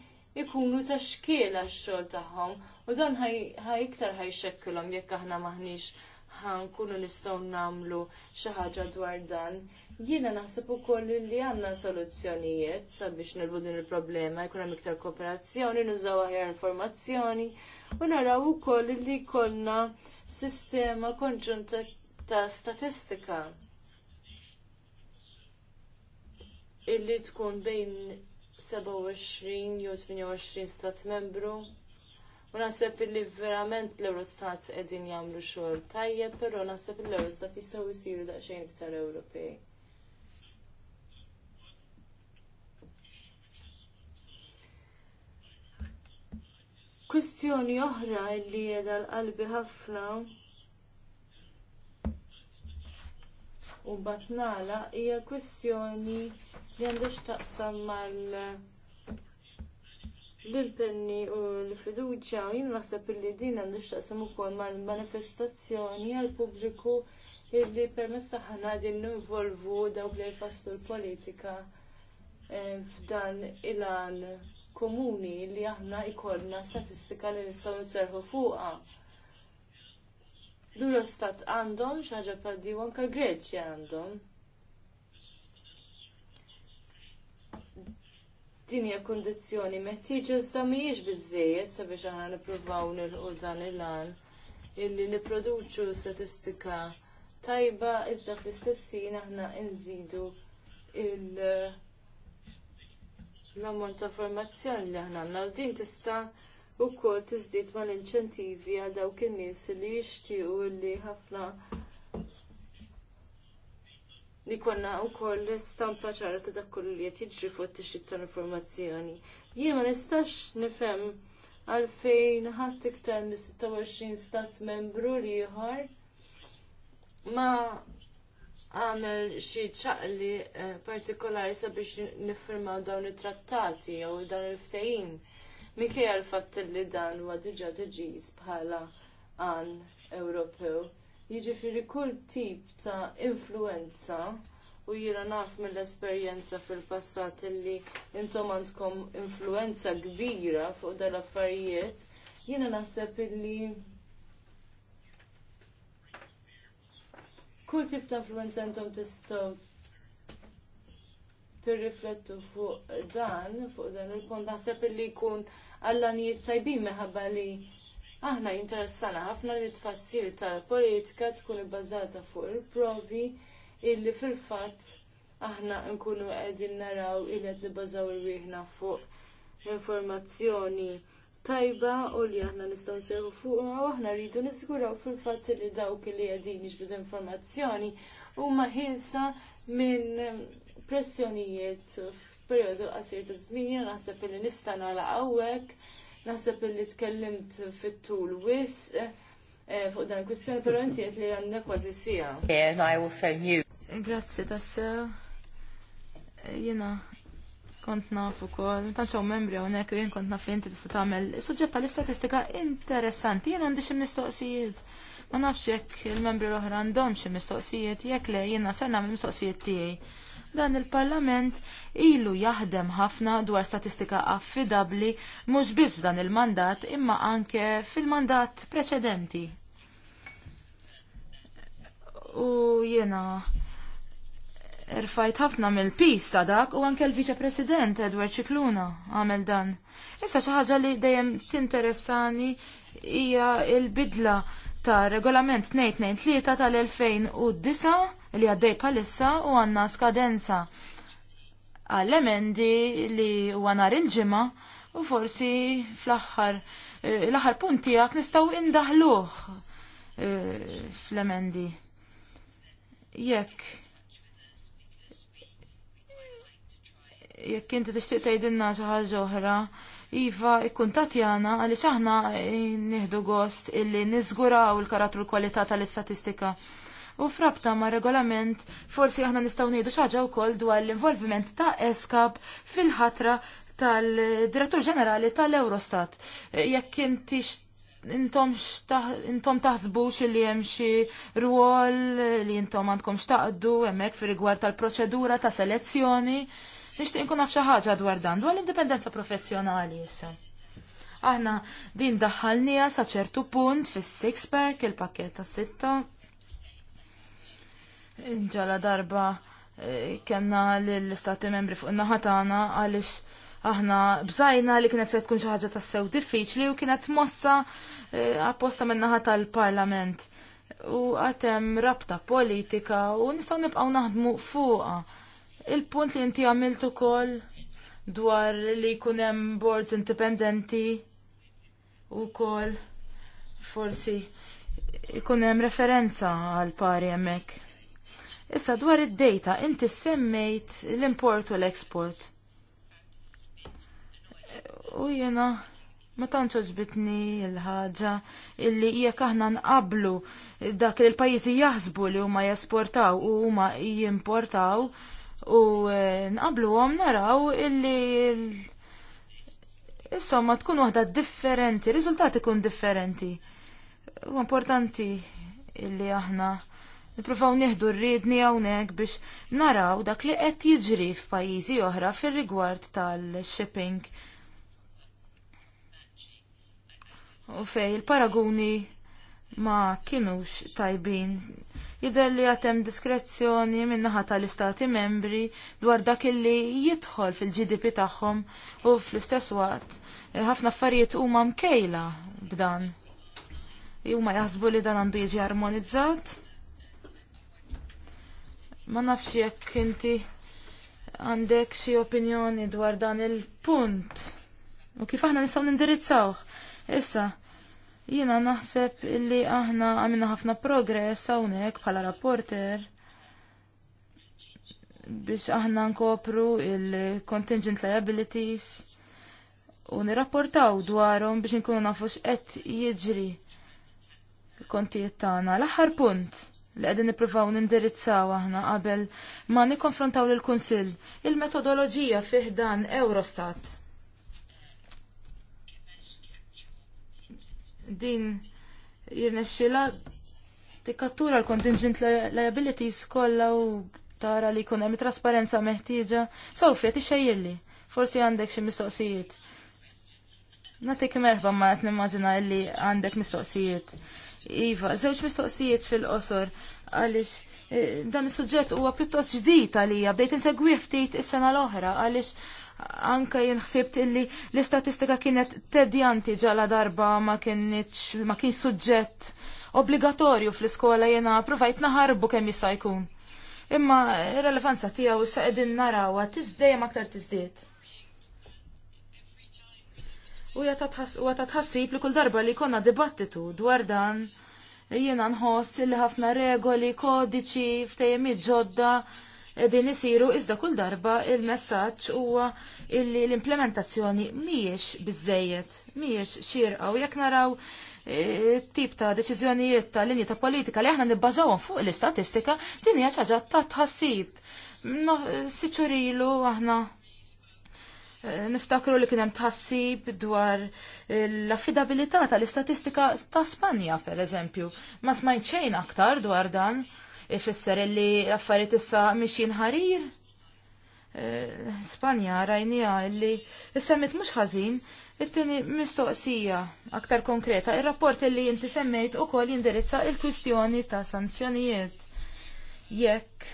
ikunu ta' xkiel għax-xogħol tagħhom u dan ħaj iktar ħajxekkilhom jekk aħna maħniex ħankunu nistgħu nagħmlu xi ħaġa dwar dan. Jiena naħseb ukoll li għandna soluzzjonijiet sabiex nirbu din il-problema, jkun hemm iktar kooperazzjoni, nużaw aħjar informazzjoni u naraw ukoll li jkollna sistema konġunta ta' statistika illi tkun bejn 27 jew 28 stat membru. U naħseb illi verament l-Eurostat qegħdin jagħmlu xogħol tajjeb, però naħseb l-Eurostat jistgħu jsiru daqsxejn iktar Ewropej. Kwistjoni oħra li jeda l-qalbi ħafna u batnala hija kwistjoni li għandux taqsam mal l-penni u l-fiduċja u jien naħseb illi din għandux taqsam ukoll mal-manifestazzjoni għall pubbliku illi permess aħna din involvu dawk li jfassu l-politika Eh, f'dan il-għan komuni li aħna ikollna statistika li nistgħu nserħu fuqha. L-Eurostat għandhom xaġa paddi anke l-Greċja għandhom. Din hija kundizzjoni meħtieġa iżda mhijiex biżżejjed sabiex aħna nippruvaw nilqu dan il-għan illi nipproduċu statistika tajba iżda fl-istessin aħna nżidu il- l-ammont ta' formazzjoni li aħna għandna u din tista' ukoll tiżdied mal-inċentivi għal dawk in-nies li jixtiequ li ħafna li konna wkoll stampa ċara ta' dak kollu li qed jiġri fuq tixrid tal-informazzjoni. Jien ma nistax nifhem għalfejn ħadd iktar minn 26 stat membru li ma għamel xi ċaqli eh, partikolari sabiex niffirmaw dawn it-trattati jew dan il-ftehim. Minkejja l-fatt li dan huwa diġà diġis bħala għan Ewropew. Jiġifieri kull tip ta' influenza u jiena naf mill-esperjenza fil-passat li intom għandkom influenza kbira fuq dal-affarijiet, jiena naħseb illi kull tip ta' influenza intom tistgħu tirriflettu fuq dan, fuq dan il kont naħseb li jkun għallanijiet tajbin meħabba li aħna interessana ħafna li tfassir tal-politika tkun ibbażata fuq il-provi illi fil-fatt aħna nkunu qegħdin naraw illi qed nibbażaw irwieħna fuq informazzjoni tajba u li aħna nistgħu nsejħu fuq u aħna rridu nisguraw fil-fatt li dawk li qegħdin jiġbdu informazzjoni huma ħilsa minn pressjonijiet f'perjodu qasir ta' żmien naħseb li nista' nagħlaq għawek, naħseb li tkellimt fit-tul wisq eh, fuq dan il-kwistjoni però inti qed li għandek kważi sija. Yeah, and I Grazzi tassew. Jiena kont naf ukoll, tant xew membri hawnhekk jien kont naf li inti tista' tagħmel suġġett tal-istatistika interessanti, jien għandi xi mistoqsijiet. Ma nafx jekk il-membri l-oħra għandhom xi mistoqsijiet, jekk le jiena ser nagħmel mistoqsijiet tiegħi. Dan il-Parlament ilu jaħdem ħafna dwar statistika affidabli mhux biss f'dan il-mandat imma anke fil-mandat preċedenti. U jiena rfajt ħafna mill-pis ta' dak u anke l-Viċe President Edward Cikluna għamel dan. Issa xi ħaġa li dejjem tinteressani hija l-bidla ta' regolament 223 tal-2009 li għaddej bħalissa u għandna skadenza għall-emendi li huwa nhar il-ġimgħa u forsi fl-aħħar eh, l-aħħar punt tiegħek nistgħu indaħluh eh, fl-emendi. Jekk jekk inti tixtieq tgħidilna xi ħaġa oħra, iva ikkuntatjana għaliex aħna eh, nieħdu gost illi niżguraw il-karattru l-kwalità tal-istatistika. U frabta ma' regolament, forsi aħna nistgħu ngħidu xi ħaġa wkoll dwar l-involviment ta' eskab fil-ħatra tal-Direttur Ġenerali tal-Eurostat. Eh, jekk inti intom taħsbux li hemm xi rwol li intom għandkom xtaqdu hemmhekk fi rigward tal-proċedura ta' selezzjoni Nixtieq inkun naf xi ħaġa dwar dan, dwar l-indipendenza professjonali issa. Aħna din daħħalnija sa ċertu punt fis-six pack, il-pakket ta' sitta. Ġala darba eh, kellna l-istati membri fuq in-naħa tagħna għaliex aħna bżajna li kienet se tkun xi ħaġa tassew diffiċli u kienet mossa eh, apposta min-naħa tal-Parlament. U għatem rabta politika u nistgħu nibqgħu naħdmu fuqha il-punt li inti għamilt ukoll dwar li jkun hemm boards indipendenti wkoll forsi jkun hemm referenza għal pari hemmhekk. Issa dwar id-data, inti semmejt l-import u l-export. U jena, ma tantx ġbitni l-ħaġa illi jekk aħna nqablu dak li l-pajjiżi jaħsbu li huma jesportaw u huma jimportaw u għom eh, naraw illi Insomma, tkun waħda differenti, rizultati kun differenti. U importanti illi aħna niprofaw nieħdu rridni hawnhekk biex naraw dak li qed jiġri f'pajjiżi oħra fir-rigward tal-shipping. U fej il-paraguni ma kienux tajbin jidher li għatem diskrezzjoni min-naħa tal-istati membri dwar dak illi jidħol fil-GDP tagħhom u fl-istess waqt eh, ħafna affarijiet huma mkejla b'dan. Huma jaħsbu li dan għandu jiġi armonizzat. Ma nafx jekk inti għandek xi opinjoni dwar dan il-punt. U kif aħna nistgħu nindirizzawh. Issa, Jiena naħseb illi aħna għamilna ħafna progress hawnhekk bħala rapporter biex aħna nkopru il-contingent liabilities u nirrapportaw dwarhom biex nkunu nafu x'qed jiġri kontijiet tagħna. L-aħħar punt li qegħdin nippruvaw nindirizzaw aħna qabel ma nikkonfrontaw lill kunsill il-metodoloġija fih dan Eurostat din jirnexxila tikkattura l-contingent liabilities kollha u tara li jkun hemm trasparenza meħtieġa. Sofja tixejjirli, forsi għandek xi mistoqsijiet. Natik merħba ma qed nimmaġina li għandek mistoqsijiet. Iva, żewġ mistoqsijiet fil-qosor għaliex Eh, dan is-suġġett huwa pjuttost ġdid għalija bdejt insegwi ftit is-sena l-oħra għaliex anka jien ħsibt illi l-istatistika kienet tedjanti ġala darba ma kienx ma kienx suġġett obbligatorju fl-iskola jiena provajt naħarbu kemm jista' jkun. Imma r relevanza tiegħu issa qegħdin narawha tiżdejjem aktar tiżdied. U huwa ta' tħassib li kull darba li jkollna dibattitu dwar dan jiena nħoss li ħafna regoli, kodiċi, ftejjemiet ġodda din isiru iżda kull darba il-messaġġ huwa illi l-implementazzjoni mhijiex biżejjed, mhijiex xierqa u jekk naraw e, tip ta' deċiżjonijiet ta' linji ta' politika li aħna nibbażawhom fuq l-istatistika din hija xi ħaġa ta' tħassib. siċurilu aħna niftakru li kienem tħassib dwar l-affidabilità tal-istatistika ta' Spanja, per eżempju. Ma smajt xejn aktar dwar dan, ifisser li l-affarijiet issa miexin ħarir. Eh, Spanja rajnija li semmet mhux ħażin, it-tieni mistoqsija aktar konkreta. Ir-rapport li inti semmejt ukoll jindirizza il-kwistjoni ta' sanzjonijiet. Jekk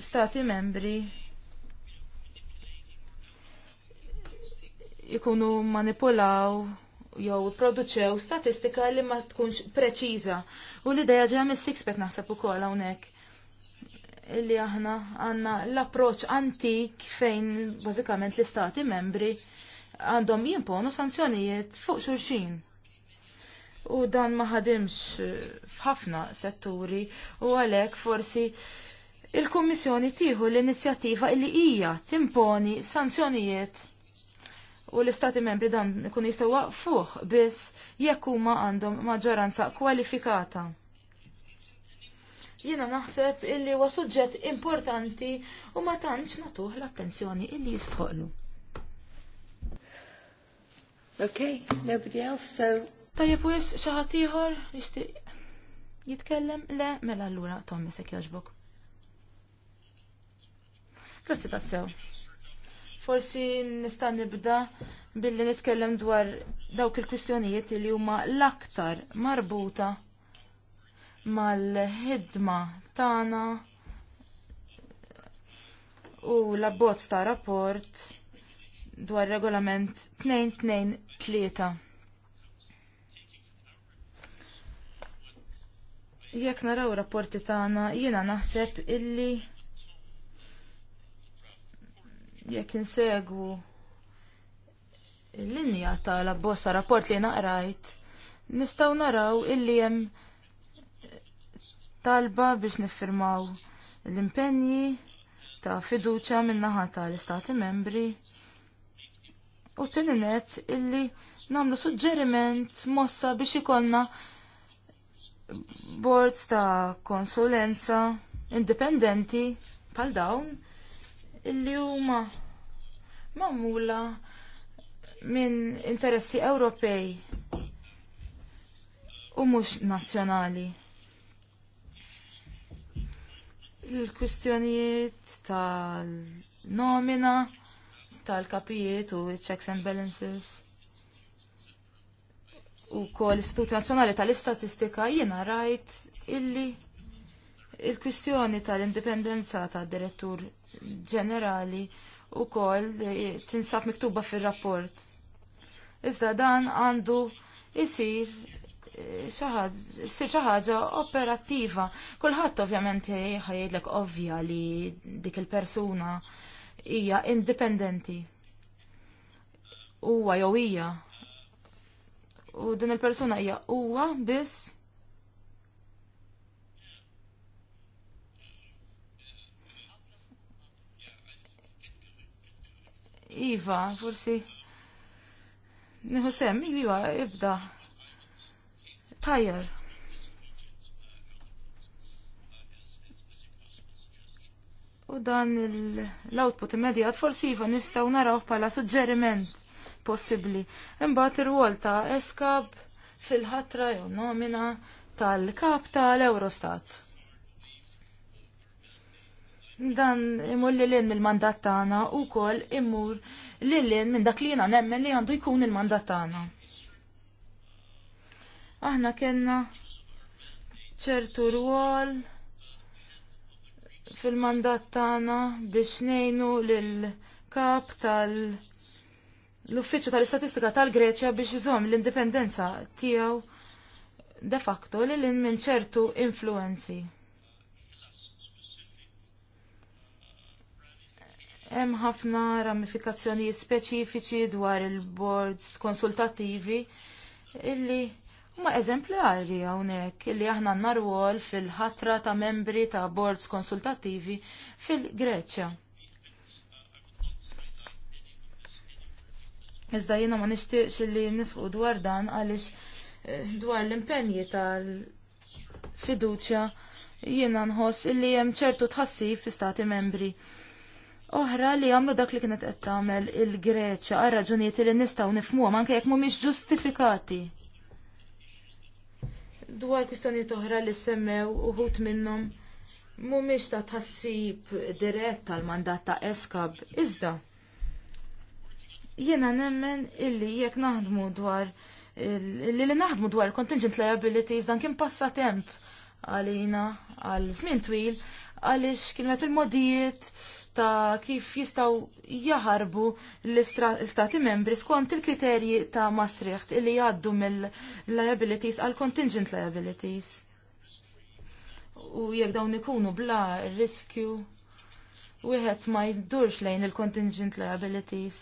stati membri jikunu manipulaw jew produċew statistika li ma tkunx preċiża. U l-ideja ġeja mis-sixpack naħseb ukoll hawnhekk illi aħna għanna l-approċ antik fejn bażikament l-istati membri għandhom jimponu sanzjonijiet fuq xulxin. U dan ma ħadimx f'ħafna setturi u għalhekk forsi il-Kummissjoni tieħu l-inizjattiva illi hija timponi sanzjonijiet u l-istati membri dan ikun jistgħu waqfuh biss jekk huma għandhom maġġoranza kwalifikata. Jiena naħseb illi huwa suġġett importanti u ma tantx nagħtuh l-attenzjoni illi jistħoqlu. Okay, nobody else, so... Tajjeb wis xi ħadd ieħor jitkellem le mela l-lura Tommy se Grazie Grazzi tassew. Forsi nista' nibda billi nitkellem dwar dawk il-kwistjonijiet li huma l-aktar marbuta mal-ħidma tagħna u l-abbozz ta' rapport dwar regolament 223. Jekk naraw rapporti tagħna jiena naħseb illi jekk insegwu l-linja tal-abbozza rapport li naqrajt, nistaw naraw illi jem talba biex niffirmaw l-impenji ta' fiduċa minnaħa tal-istati membri u t-tininet illi namlu suġġeriment mossa biex ikonna boards ta' konsulenza indipendenti pal dawn Illi huma magħmula minn interessi Ewropej u mhux nazzjonali. Il-kwistjonijiet tal-nomina, tal-kapijiet u checks and balances u kol Istitut Nazzjonali tal-Istatistika jiena rajt illi il-kwistjoni tal-indipendenza tad direttur ġenerali u kol tinsab miktuba fil-rapport. Iżda dan għandu jisir eh, sir xaħġa operattiva. Kulħadd ovvjament ħajdlek ovvja li dik il-persuna hija indipendenti. Huwa jew hija. U din il-persuna hija huwa biss Iva, forsi. Nieħu sem, iva, ibda. Tajjar. U dan l-output immedjat forsi iva nistgħu naraw bħala suġġeriment possibbli. Imbagħad ir-rwol ta' eskab fil-ħatra jew nomina tal-kap tal-Eurostat dan imur li l-in mill-mandat tagħna u kol imur li l-in minn dak li jina nemmen li għandu jkun il-mandat tagħna. Aħna kena ċertu rwol fil-mandat tagħna biex nejnu l kap tal- l-uffiċċju tal-istatistika tal-Greċja biex jizom l-indipendenza tiegħu de facto li l-in minn ċertu influenzi. Hemm ħafna ramifikazzjonijiet speċifiċi dwar il-boards konsultattivi illi huma eżemplari hawnhekk illi aħna narwol fil-ħatra ta' membri ta' boards konsultattivi fil-Greċja. Iżda jiena ma nixtieqx illi nisqu dwar dan għaliex eh, dwar l-impenji tal-fiduċja jiena nħoss illi hemm ċertu tħassib fi stati membri oħra li għamlu dak li kienet qed tagħmel il-Greċja għal raġunijiet li nistgħu nifhmuhom anke jekk mhumiex ġustifikati. Dwar kwistjonijiet oħra li semmew uħut minnhom mhumiex ta' tħassib dirett tal-mandat ta' eskab iżda. Jiena nemmen illi jekk naħdmu dwar li li naħdmu dwar contingent liabilities dan kien passatemp għalina għal żmien twil għaliex kien hemm il-modijiet ta' kif jistaw jaharbu l-istati membri skont il-kriterji ta' Maastricht illi jgħaddu mill-liabilities għal contingent liabilities. U jekk dawn ikunu bla riskju wieħed ma jdurx lejn il-contingent liabilities.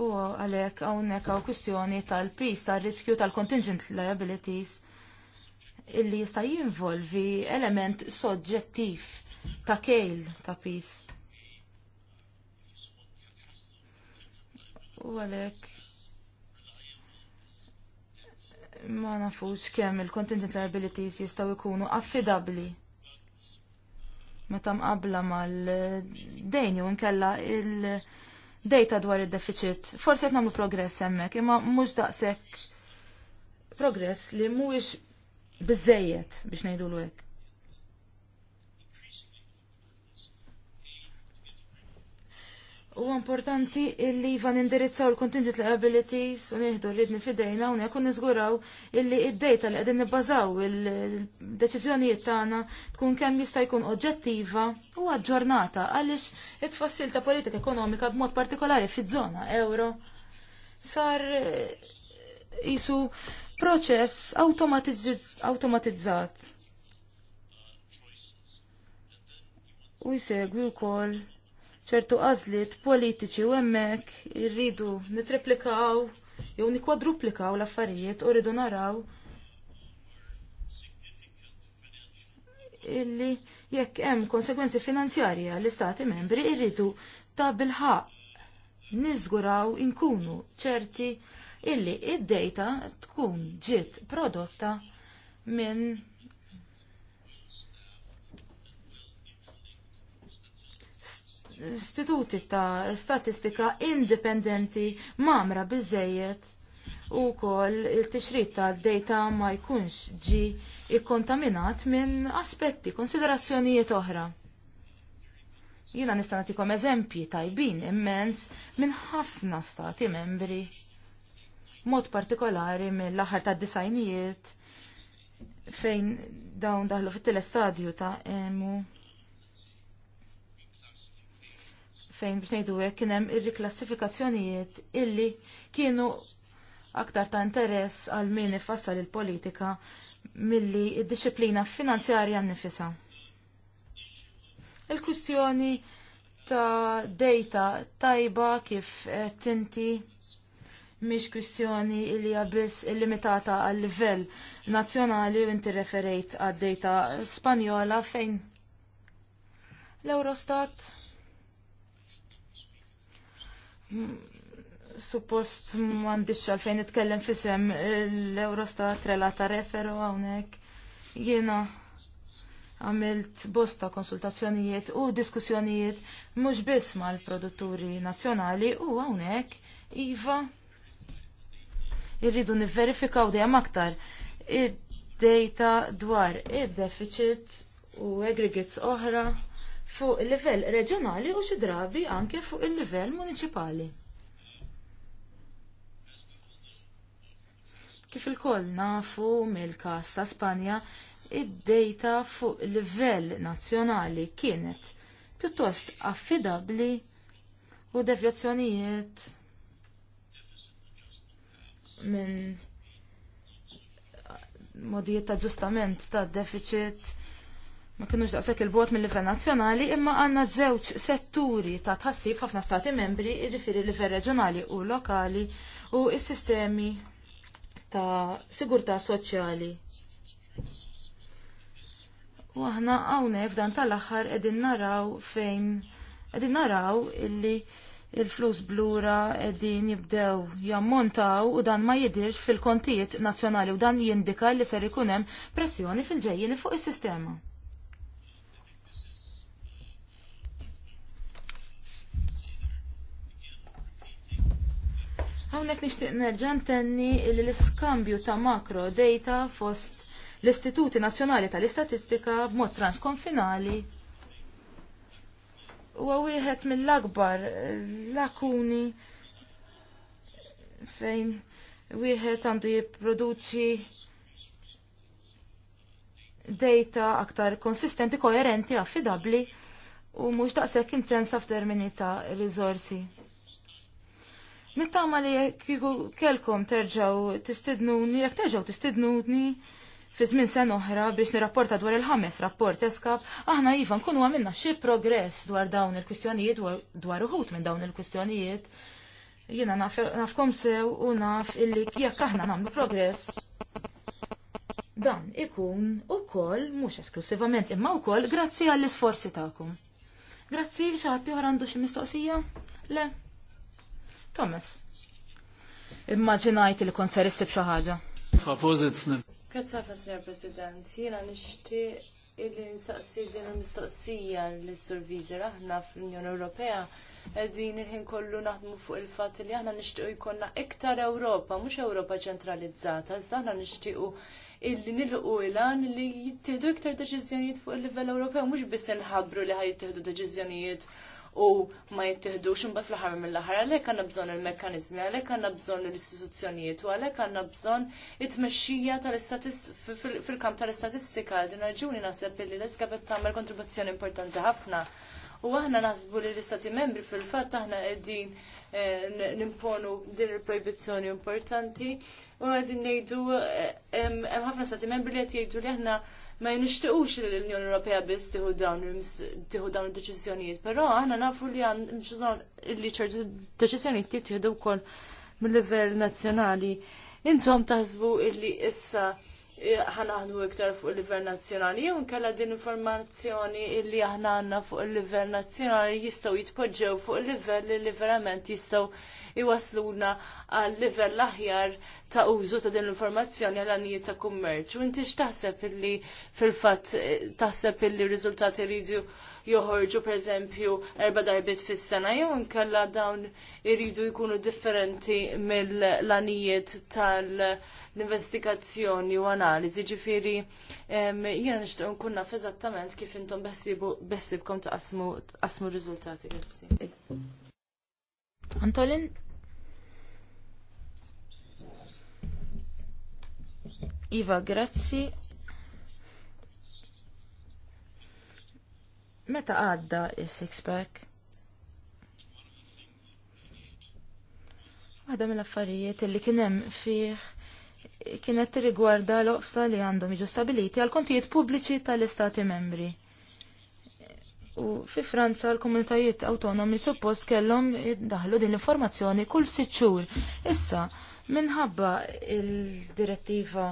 U għalhekk hawnhekk hawn kwistjoni tal-pis tar-riskju tal-contingent liabilities illi jista' jinvolvi element soġġettiv ta' kejl ta' pis. U għalhekk ma nafux kemm il-contingent liabilities jistgħu jkunu affidabbli meta mqabbla mal-dejn jew inkella il-dejta dwar id-deficit. Forsi qed nagħmlu progress hemmhekk, imma mhux daqshekk progress li mhuwiex bizzejiet biex ngħidu l hekk. U importanti illi van indirizzaw l-contingent liabilities u nieħdu rridni fidejna u nekun niżguraw illi id-data li qegħdin nibbażaw il-deċiżjonijiet tagħna tkun kemm jista' jkun oġġettiva u aġġornata għaliex it-tfassil ta' politika ekonomika b'mod partikolari fiż-żona euro sar jisu proċess automatizzat. U jsegwi wkoll ċertu għażliet politiċi u hemmhekk irridu nitreplikaw jew nikwadruplikaw l-affarijiet u rridu naraw illi jekk hemm konsegwenzi finanzjarji għall istati membri irridu ta' bilħaq niżguraw inkunu ċerti illi id-data tkun ġiet prodotta minn istituti ta' statistika indipendenti mamra biżżejjed u wkoll il-tixrid tad data ma jkunx ġi ikkontaminat minn aspetti, konsiderazzjonijiet oħra jina nista' nagħtikom eżempji tajbin immens minn ħafna stati membri mod partikolari mill-aħħar ta' disajnijiet fejn dawn daħlu fit telestadju stadju ta' emu fejn biex ngħidu hekk kien hemm ir-riklassifikazzjonijiet illi kienu aktar ta' interess għal min ifassal il-politika milli id-disciplina finanzjarja nnifisha. Il-kwistjoni ta' data tajba kif tinti mhix kwistjoni li hija biss illimitata għal livell nazzjonali u inti referejt għad-dejta Spanjola fejn l-Eurostat suppost m'għandix għalfejn nitkellem fisem l-Eurostat relata referu hawnhekk jiena għamilt bosta konsultazzjonijiet u diskussjonijiet mhux biss mal-produtturi nazzjonali u hawnhekk iva irridu nivverifikaw dejjem aktar id-data dwar id-deficit u aggregates oħra fuq il-livell reġjonali u xi drabi anke fuq il-livell municipali. Kif il-koll nafu mill-każ ta' Spanja, id-data fuq livell nazzjonali kienet pjuttost affidabbli u devjazzjonijiet minn modijiet ta' ġustament ta' deficit ma kienux daqshekk il-bot mill-livell nazzjonali imma għandna żewġ setturi ta' tħassib ħafna stati membri jiġifieri livell reġjonali u lokali u s-sistemi ta' sigurtà soċjali. U aħna hawnhekk f'dan tal-aħħar qegħdin naraw fejn qegħdin naraw illi il-flus blura edin jibdew jammontaw u dan ma jidirx fil-kontijiet nazzjonali u dan jindika li ser ikun hemm pressjoni fil-ġejjini fuq is-sistema. Hawnhekk nixtieq nerġa' ntenni li l-iskambju ta' makro data fost l-Istituti Nazzjonali tal-Istatistika b'mod transkonfinali huwa wieħed mill-akbar lakuni fejn wieħed għandu jipproduċi data aktar konsistenti, koherenti, affidabli u mhux daqshekk intensa f'termini ta' rizorsi. Nittama li kieku kelkom terġaw tistidnuni, jekk terġaw tistidnuni, fi żmien sen oħra biex nirrapporta dwar il-ħames rapport eskab, aħna iva nkunu għamilna xi progress dwar dawn il-kwistjonijiet dwar uħut minn dawn il-kwistjonijiet. Jiena nafkom sew u naf illi jekk aħna nagħmlu progress. Dan ikun ukoll mhux esklusivament imma wkoll grazzi għall-isforzi tagħkom. Grazzi xi ħadd ieħor għandu xi mistoqsija? Le. Thomas. Immaġinajt li kont ser issib xi ħaġa. Grazie ħafna, President. Jiena nixtieq illi nsaqsi din il-mistoqsija l-Survizor aħna fl-Unjoni Ewropea qegħdin il-ħin kollu naħdmu fuq il-fatt li aħna nixtiequ jkollna iktar Ewropa, mhux Ewropa ċentralizzata, iżda aħna nixtiequ illi nilqu ilan li jittieħdu iktar deċiżjonijiet fuq il-livell Ewropew mhux biss inħabbru li ħaj jittieħdu deċiżjonijiet u ma jittihdux imbagħad fl-aħħar mill-aħħar għalhekk għandna bżonn il-mekkaniżmi, għalhekk għandna bżonn l-istituzzjonijiet u għalhekk għandna bżonn it-tmexxija fil-kamp tal-istatistika din raġuni naħseb li l-iskabet tagħmel kontribuzzjoni importanti ħafna. U aħna naħsbu li l-istati membri fil-fatt aħna qegħdin eh, nimponu din il projbizzjoni importanti u għedin nejdu eh, ħafna stati membri li jgħidu li aħna ma nixtiqux li l-Unjoni Ewropea biss tieħu dawn id-deċiżjonijiet, però aħna nafu li għandhom li ċertu deċiżjonijiet jittieħdu wkoll mill-livell nazzjonali. Intom taħsbu illi issa eh, ħanaħdmu iktar fuq il-livell nazzjonali, jew kella din informazzjoni illi aħna għandna fuq il-livell nazzjonali jistgħu jitpoġġew fuq il-livell li verament jistgħu iwasluna għal livell aħjar ta' użu ta' din l-informazzjoni għal għanijiet ta' kummerċ. U inti x'taħseb illi fil-fatt eh, taħseb illi riżultati rridu joħorġu pereżempju erba' darbit fis-sena jew inkella dawn iridu jkunu differenti mill-għanijiet tal- l-investigazzjoni u analiżi ġifiri jiena nixtieq nkun naf eżattament kif intom bessibkom taqsmu r-riżultati. Antolin? Iva, grazzi. Meta għadda il-six-pack? Għadda mill-affarijiet li kien hemm fih kienet riguarda l-oqsa li għandhom jiġu stabiliti għal kontijiet pubbliċi tal-istati membri. U fi Franza l-komunitajiet autonomi suppost kellhom daħlu din l-informazzjoni kull sitt xhur. Issa minħabba il-direttiva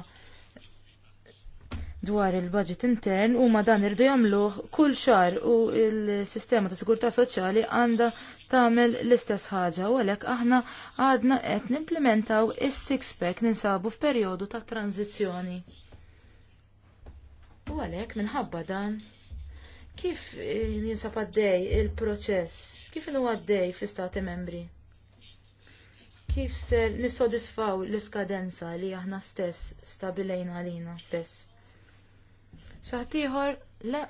dwar il-budget intern u ma dan irdu jagħmluh kull xar u il-sistema ta' sigurtà soċjali għandha tagħmel l-istess ħaġa u għalhekk aħna għadna qed nimplementaw is-six pack ninsabu f'perjodu ta' tranzizzjoni. U għalhekk minħabba dan Kif jinsab eh, għaddej il-proċess? Kif inu għaddej fl-istati membri? Kif ser nissodisfaw l-iskadenza li aħna stess stabilejna għalina stess? ieħor le.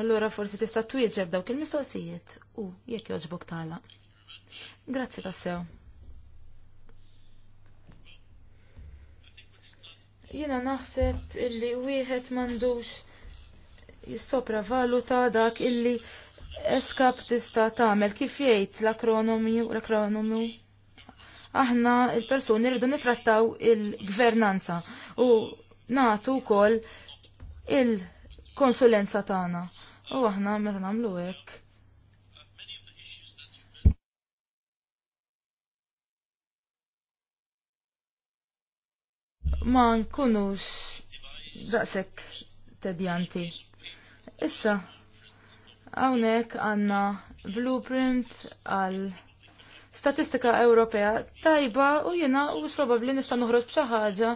Allora forsi tista' twieġeb dawk il-mistoqsijiet u jekk jogħġbok tagħlaq. Grazzi tassew. Jiena naħseb illi wieħed m'għandux jissopra valuta dak illi eskap tista' tagħmel kif jgħid l-akronomju l-akronomju. Aħna il-persuni rridu nitrattaw il-gvernanza u nagħtu wkoll il-konsulenza tagħna. U aħna meta nagħmlu hekk ma nkunux daqshekk tedjanti. Issa, hawnhekk għandna blueprint għal statistika Ewropea tajba u jiena u s-probabli nista' noħroġ bċaħħaġa ħaġa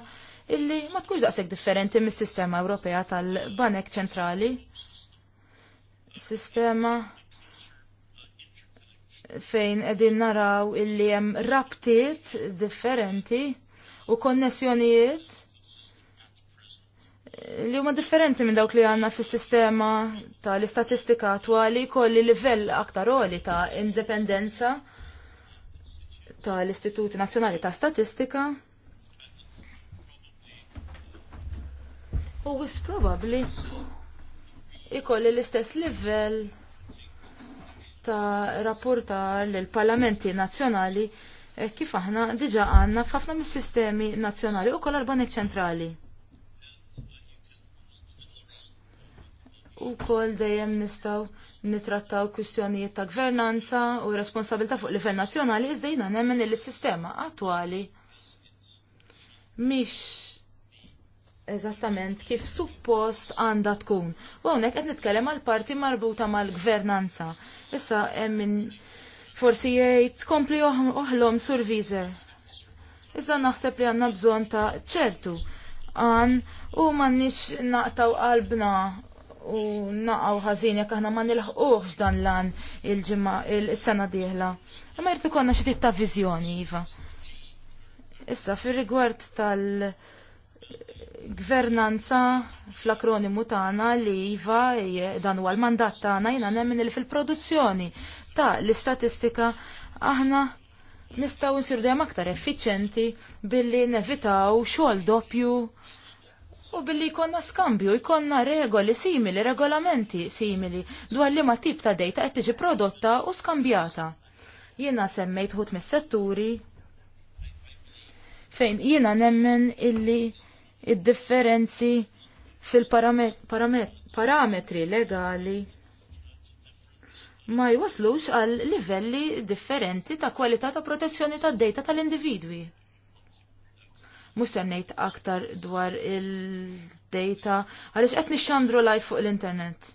illi ma tkunx daqshekk differenti mis-sistema Ewropea tal-Banek Ċentrali. Sistema fejn qegħdin naraw illi hemm rabtiet differenti u konnessjonijiet li huma differenti minn dawk li għanna fis sistema tal-istatistika attwali kolli livell aktar oli ta' indipendenza tal-Istituti Nazzjonali ta' Statistika. U wis probabbli ikolli l-istess livell ta' rapportar l-Parlamenti Nazzjonali Eh, kif aħna diġa għanna f'ħafna mis-sistemi nazzjonali u kollha l-Banek Ċentrali. U koll dejjem nistaw nitrattaw kwistjonijiet ta' gvernanza u responsabilta fuq livell nazzjonali iżda jiena nemmen li s-sistema attwali mhix eżattament kif suppost għandha tkun. U hawnhekk qed nitkellem għal parti marbuta mal-gvernanza. Issa hemm min forsi jgħid tkompli oħlom sur vizer. Iżda naħseb li għanna bżon ta' ċertu għan u nix naqtaw qalbna u naqaw ħażin jekk aħna ma nilħuħx dan lan il-ġimgħa il-sena dieħla. Imma jirtu konna xitib ta' viżjoni iva. Issa fir-rigward tal- gvernanza fl-akronimu tagħna li iva dan huwa l-mandat tagħna jiena il fil-produzzjoni ta' l-istatistika aħna nistaw nsiru dejjem aktar effiċenti billi nevitaw xogħol doppju u billi jkollna skambju, jkollna regoli simili, regolamenti simili dwar li ma tip ta' dejta qed tiġi prodotta u skambjata. Jiena semmejt ħut mis-setturi fejn jiena nemmen illi id-differenzi fil-parametri legali ma jwaslux għal livelli differenti ta' kwalità ta' protezzjoni ta' data tal-individwi. Mux semmejt aktar dwar il-data għalix qed xandru live fuq l-internet.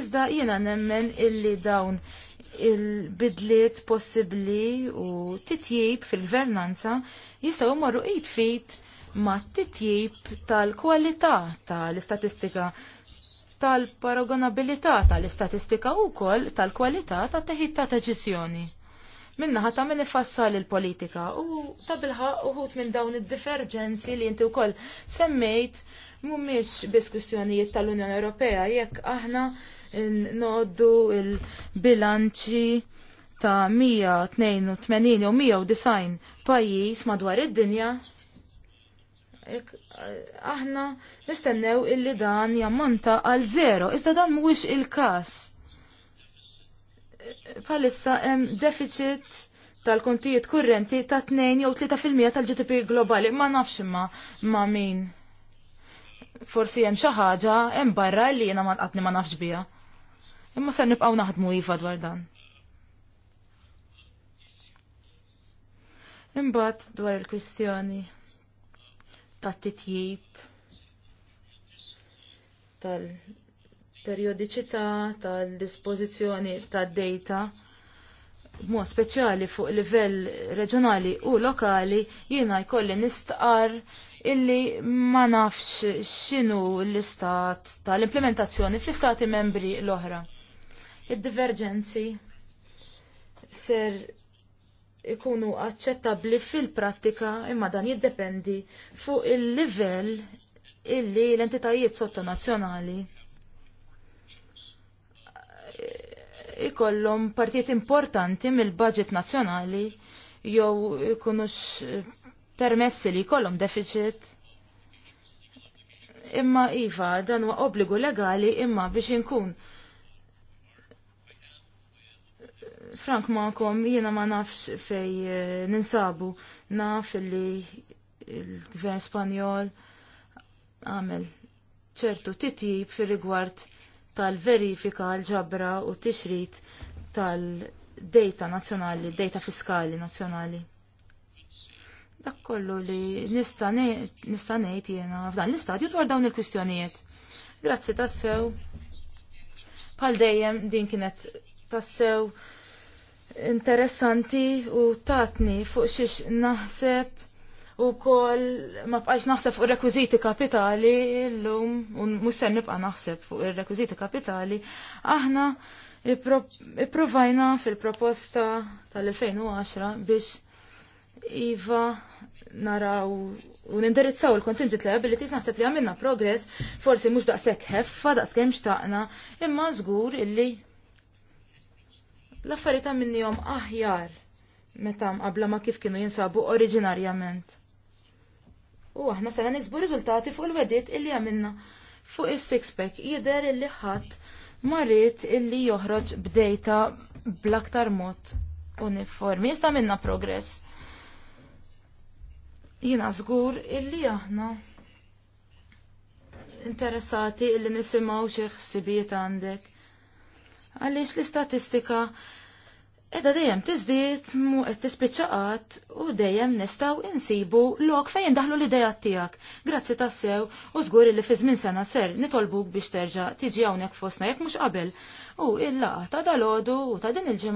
Iżda jiena nemmen illi dawn il-bidliet possibbli u titjib fil-gvernanza jistgħu jmorru id fit ma' titjib tal-kwalità tal-istatistika tal-paragonabilità tal-istatistika wkoll tal-kwalità tat teħid ta' deċiżjoni. Minna ħata min ifassal il-politika u tabilħa uħut minn dawn id diferġenzi li inti wkoll semmejt mhumiex biss kwistjonijiet tal-Unjoni Ewropea jekk aħna noddu il-bilanċi ta' 182 u 190 pajjiż madwar id-dinja aħna nistennew illi dan jammonta għal zero, iżda dan mhuwiex il-każ. Palissa hemm deficit tal kuntijiet kurrenti ta' 2 jew 3% tal-GDP globali, ma nafx imma ma' min. Forsi hemm xi ħaġa hemm barra li jiena ma nqatni ma nafx biha. Imma se nibqgħu naħdmu iva dwar dan. Imbagħad dwar il-kwistjoni tat titjib tal-periodiċità tal-dispożizzjoni tad-data b'mod speċjali fuq livell reġjonali u lokali jiena jkolli nistqar illi ma nafx x'inhu l-istat tal-implementazzjoni fl-istati membri l-oħra. Id-divergenzi ser ikunu aċċettabbli fil-prattika imma dan jiddependi fuq il-livell illi l-entitajiet sottonazzjonali ikollhom partijiet importanti mill-budget nazzjonali jew ikunux permessi li jkollhom deficit. Imma iva dan huwa obbligu legali imma biex inkun Frank Malcolm, jiena ma nafx fej eh, ninsabu naf li il-gvern Spanjol għamel ċertu titjib fir rigward tal-verifika l-ġabra u t-tixrit tal-data nazzjonali, data fiskali nazzjonali. Dak kollu li nista' ngħid jiena f'dan l-istadju dwar dawn il-kwistjonijiet. Grazzi tassew. Bħal dejjem din kienet tassew interessanti u tatni fuq xiex naħseb u kol ma bqax naħseb fuq rekwiziti kapitali l-lum u mux ser nibqa naħseb fuq il-rekwiziti kapitali aħna ipprovajna fil-proposta tal-2010 biex Iva naraw u nindirizzaw il-contingent liabilities naħseb li għamilna progress, forsi mhux daqshekk ħeffa, daqskemm xtaqna, imma żgur illi l-affarijiet ta' jom aħjar meta qabla ma kif kienu jinsabu oriġinarjament. U aħna sena niksbu riżultati fuq il-wedit illi għamilna fuq is-sixpack jidher illi ħadd marit illi joħroġ bdejta bl-aktar mod uniformi. Jista' minna progress. Jina żgur illi aħna interessati illi nisimgħu xi ħsibijiet għandek Għaliex l-istatistika edha dejjem tiżdied mu qed tispiċċaqat u dejjem nistgħu insibu lok fejn daħlu l-idea tiegħek. Grazzi tassew u żgur li fi żmien sena ser nitolbuk biex terġa' tiġi hawnhekk fostna jekk mhux qabel. U il-laqgħa ta' dalodu u ta' din il-ġimgħa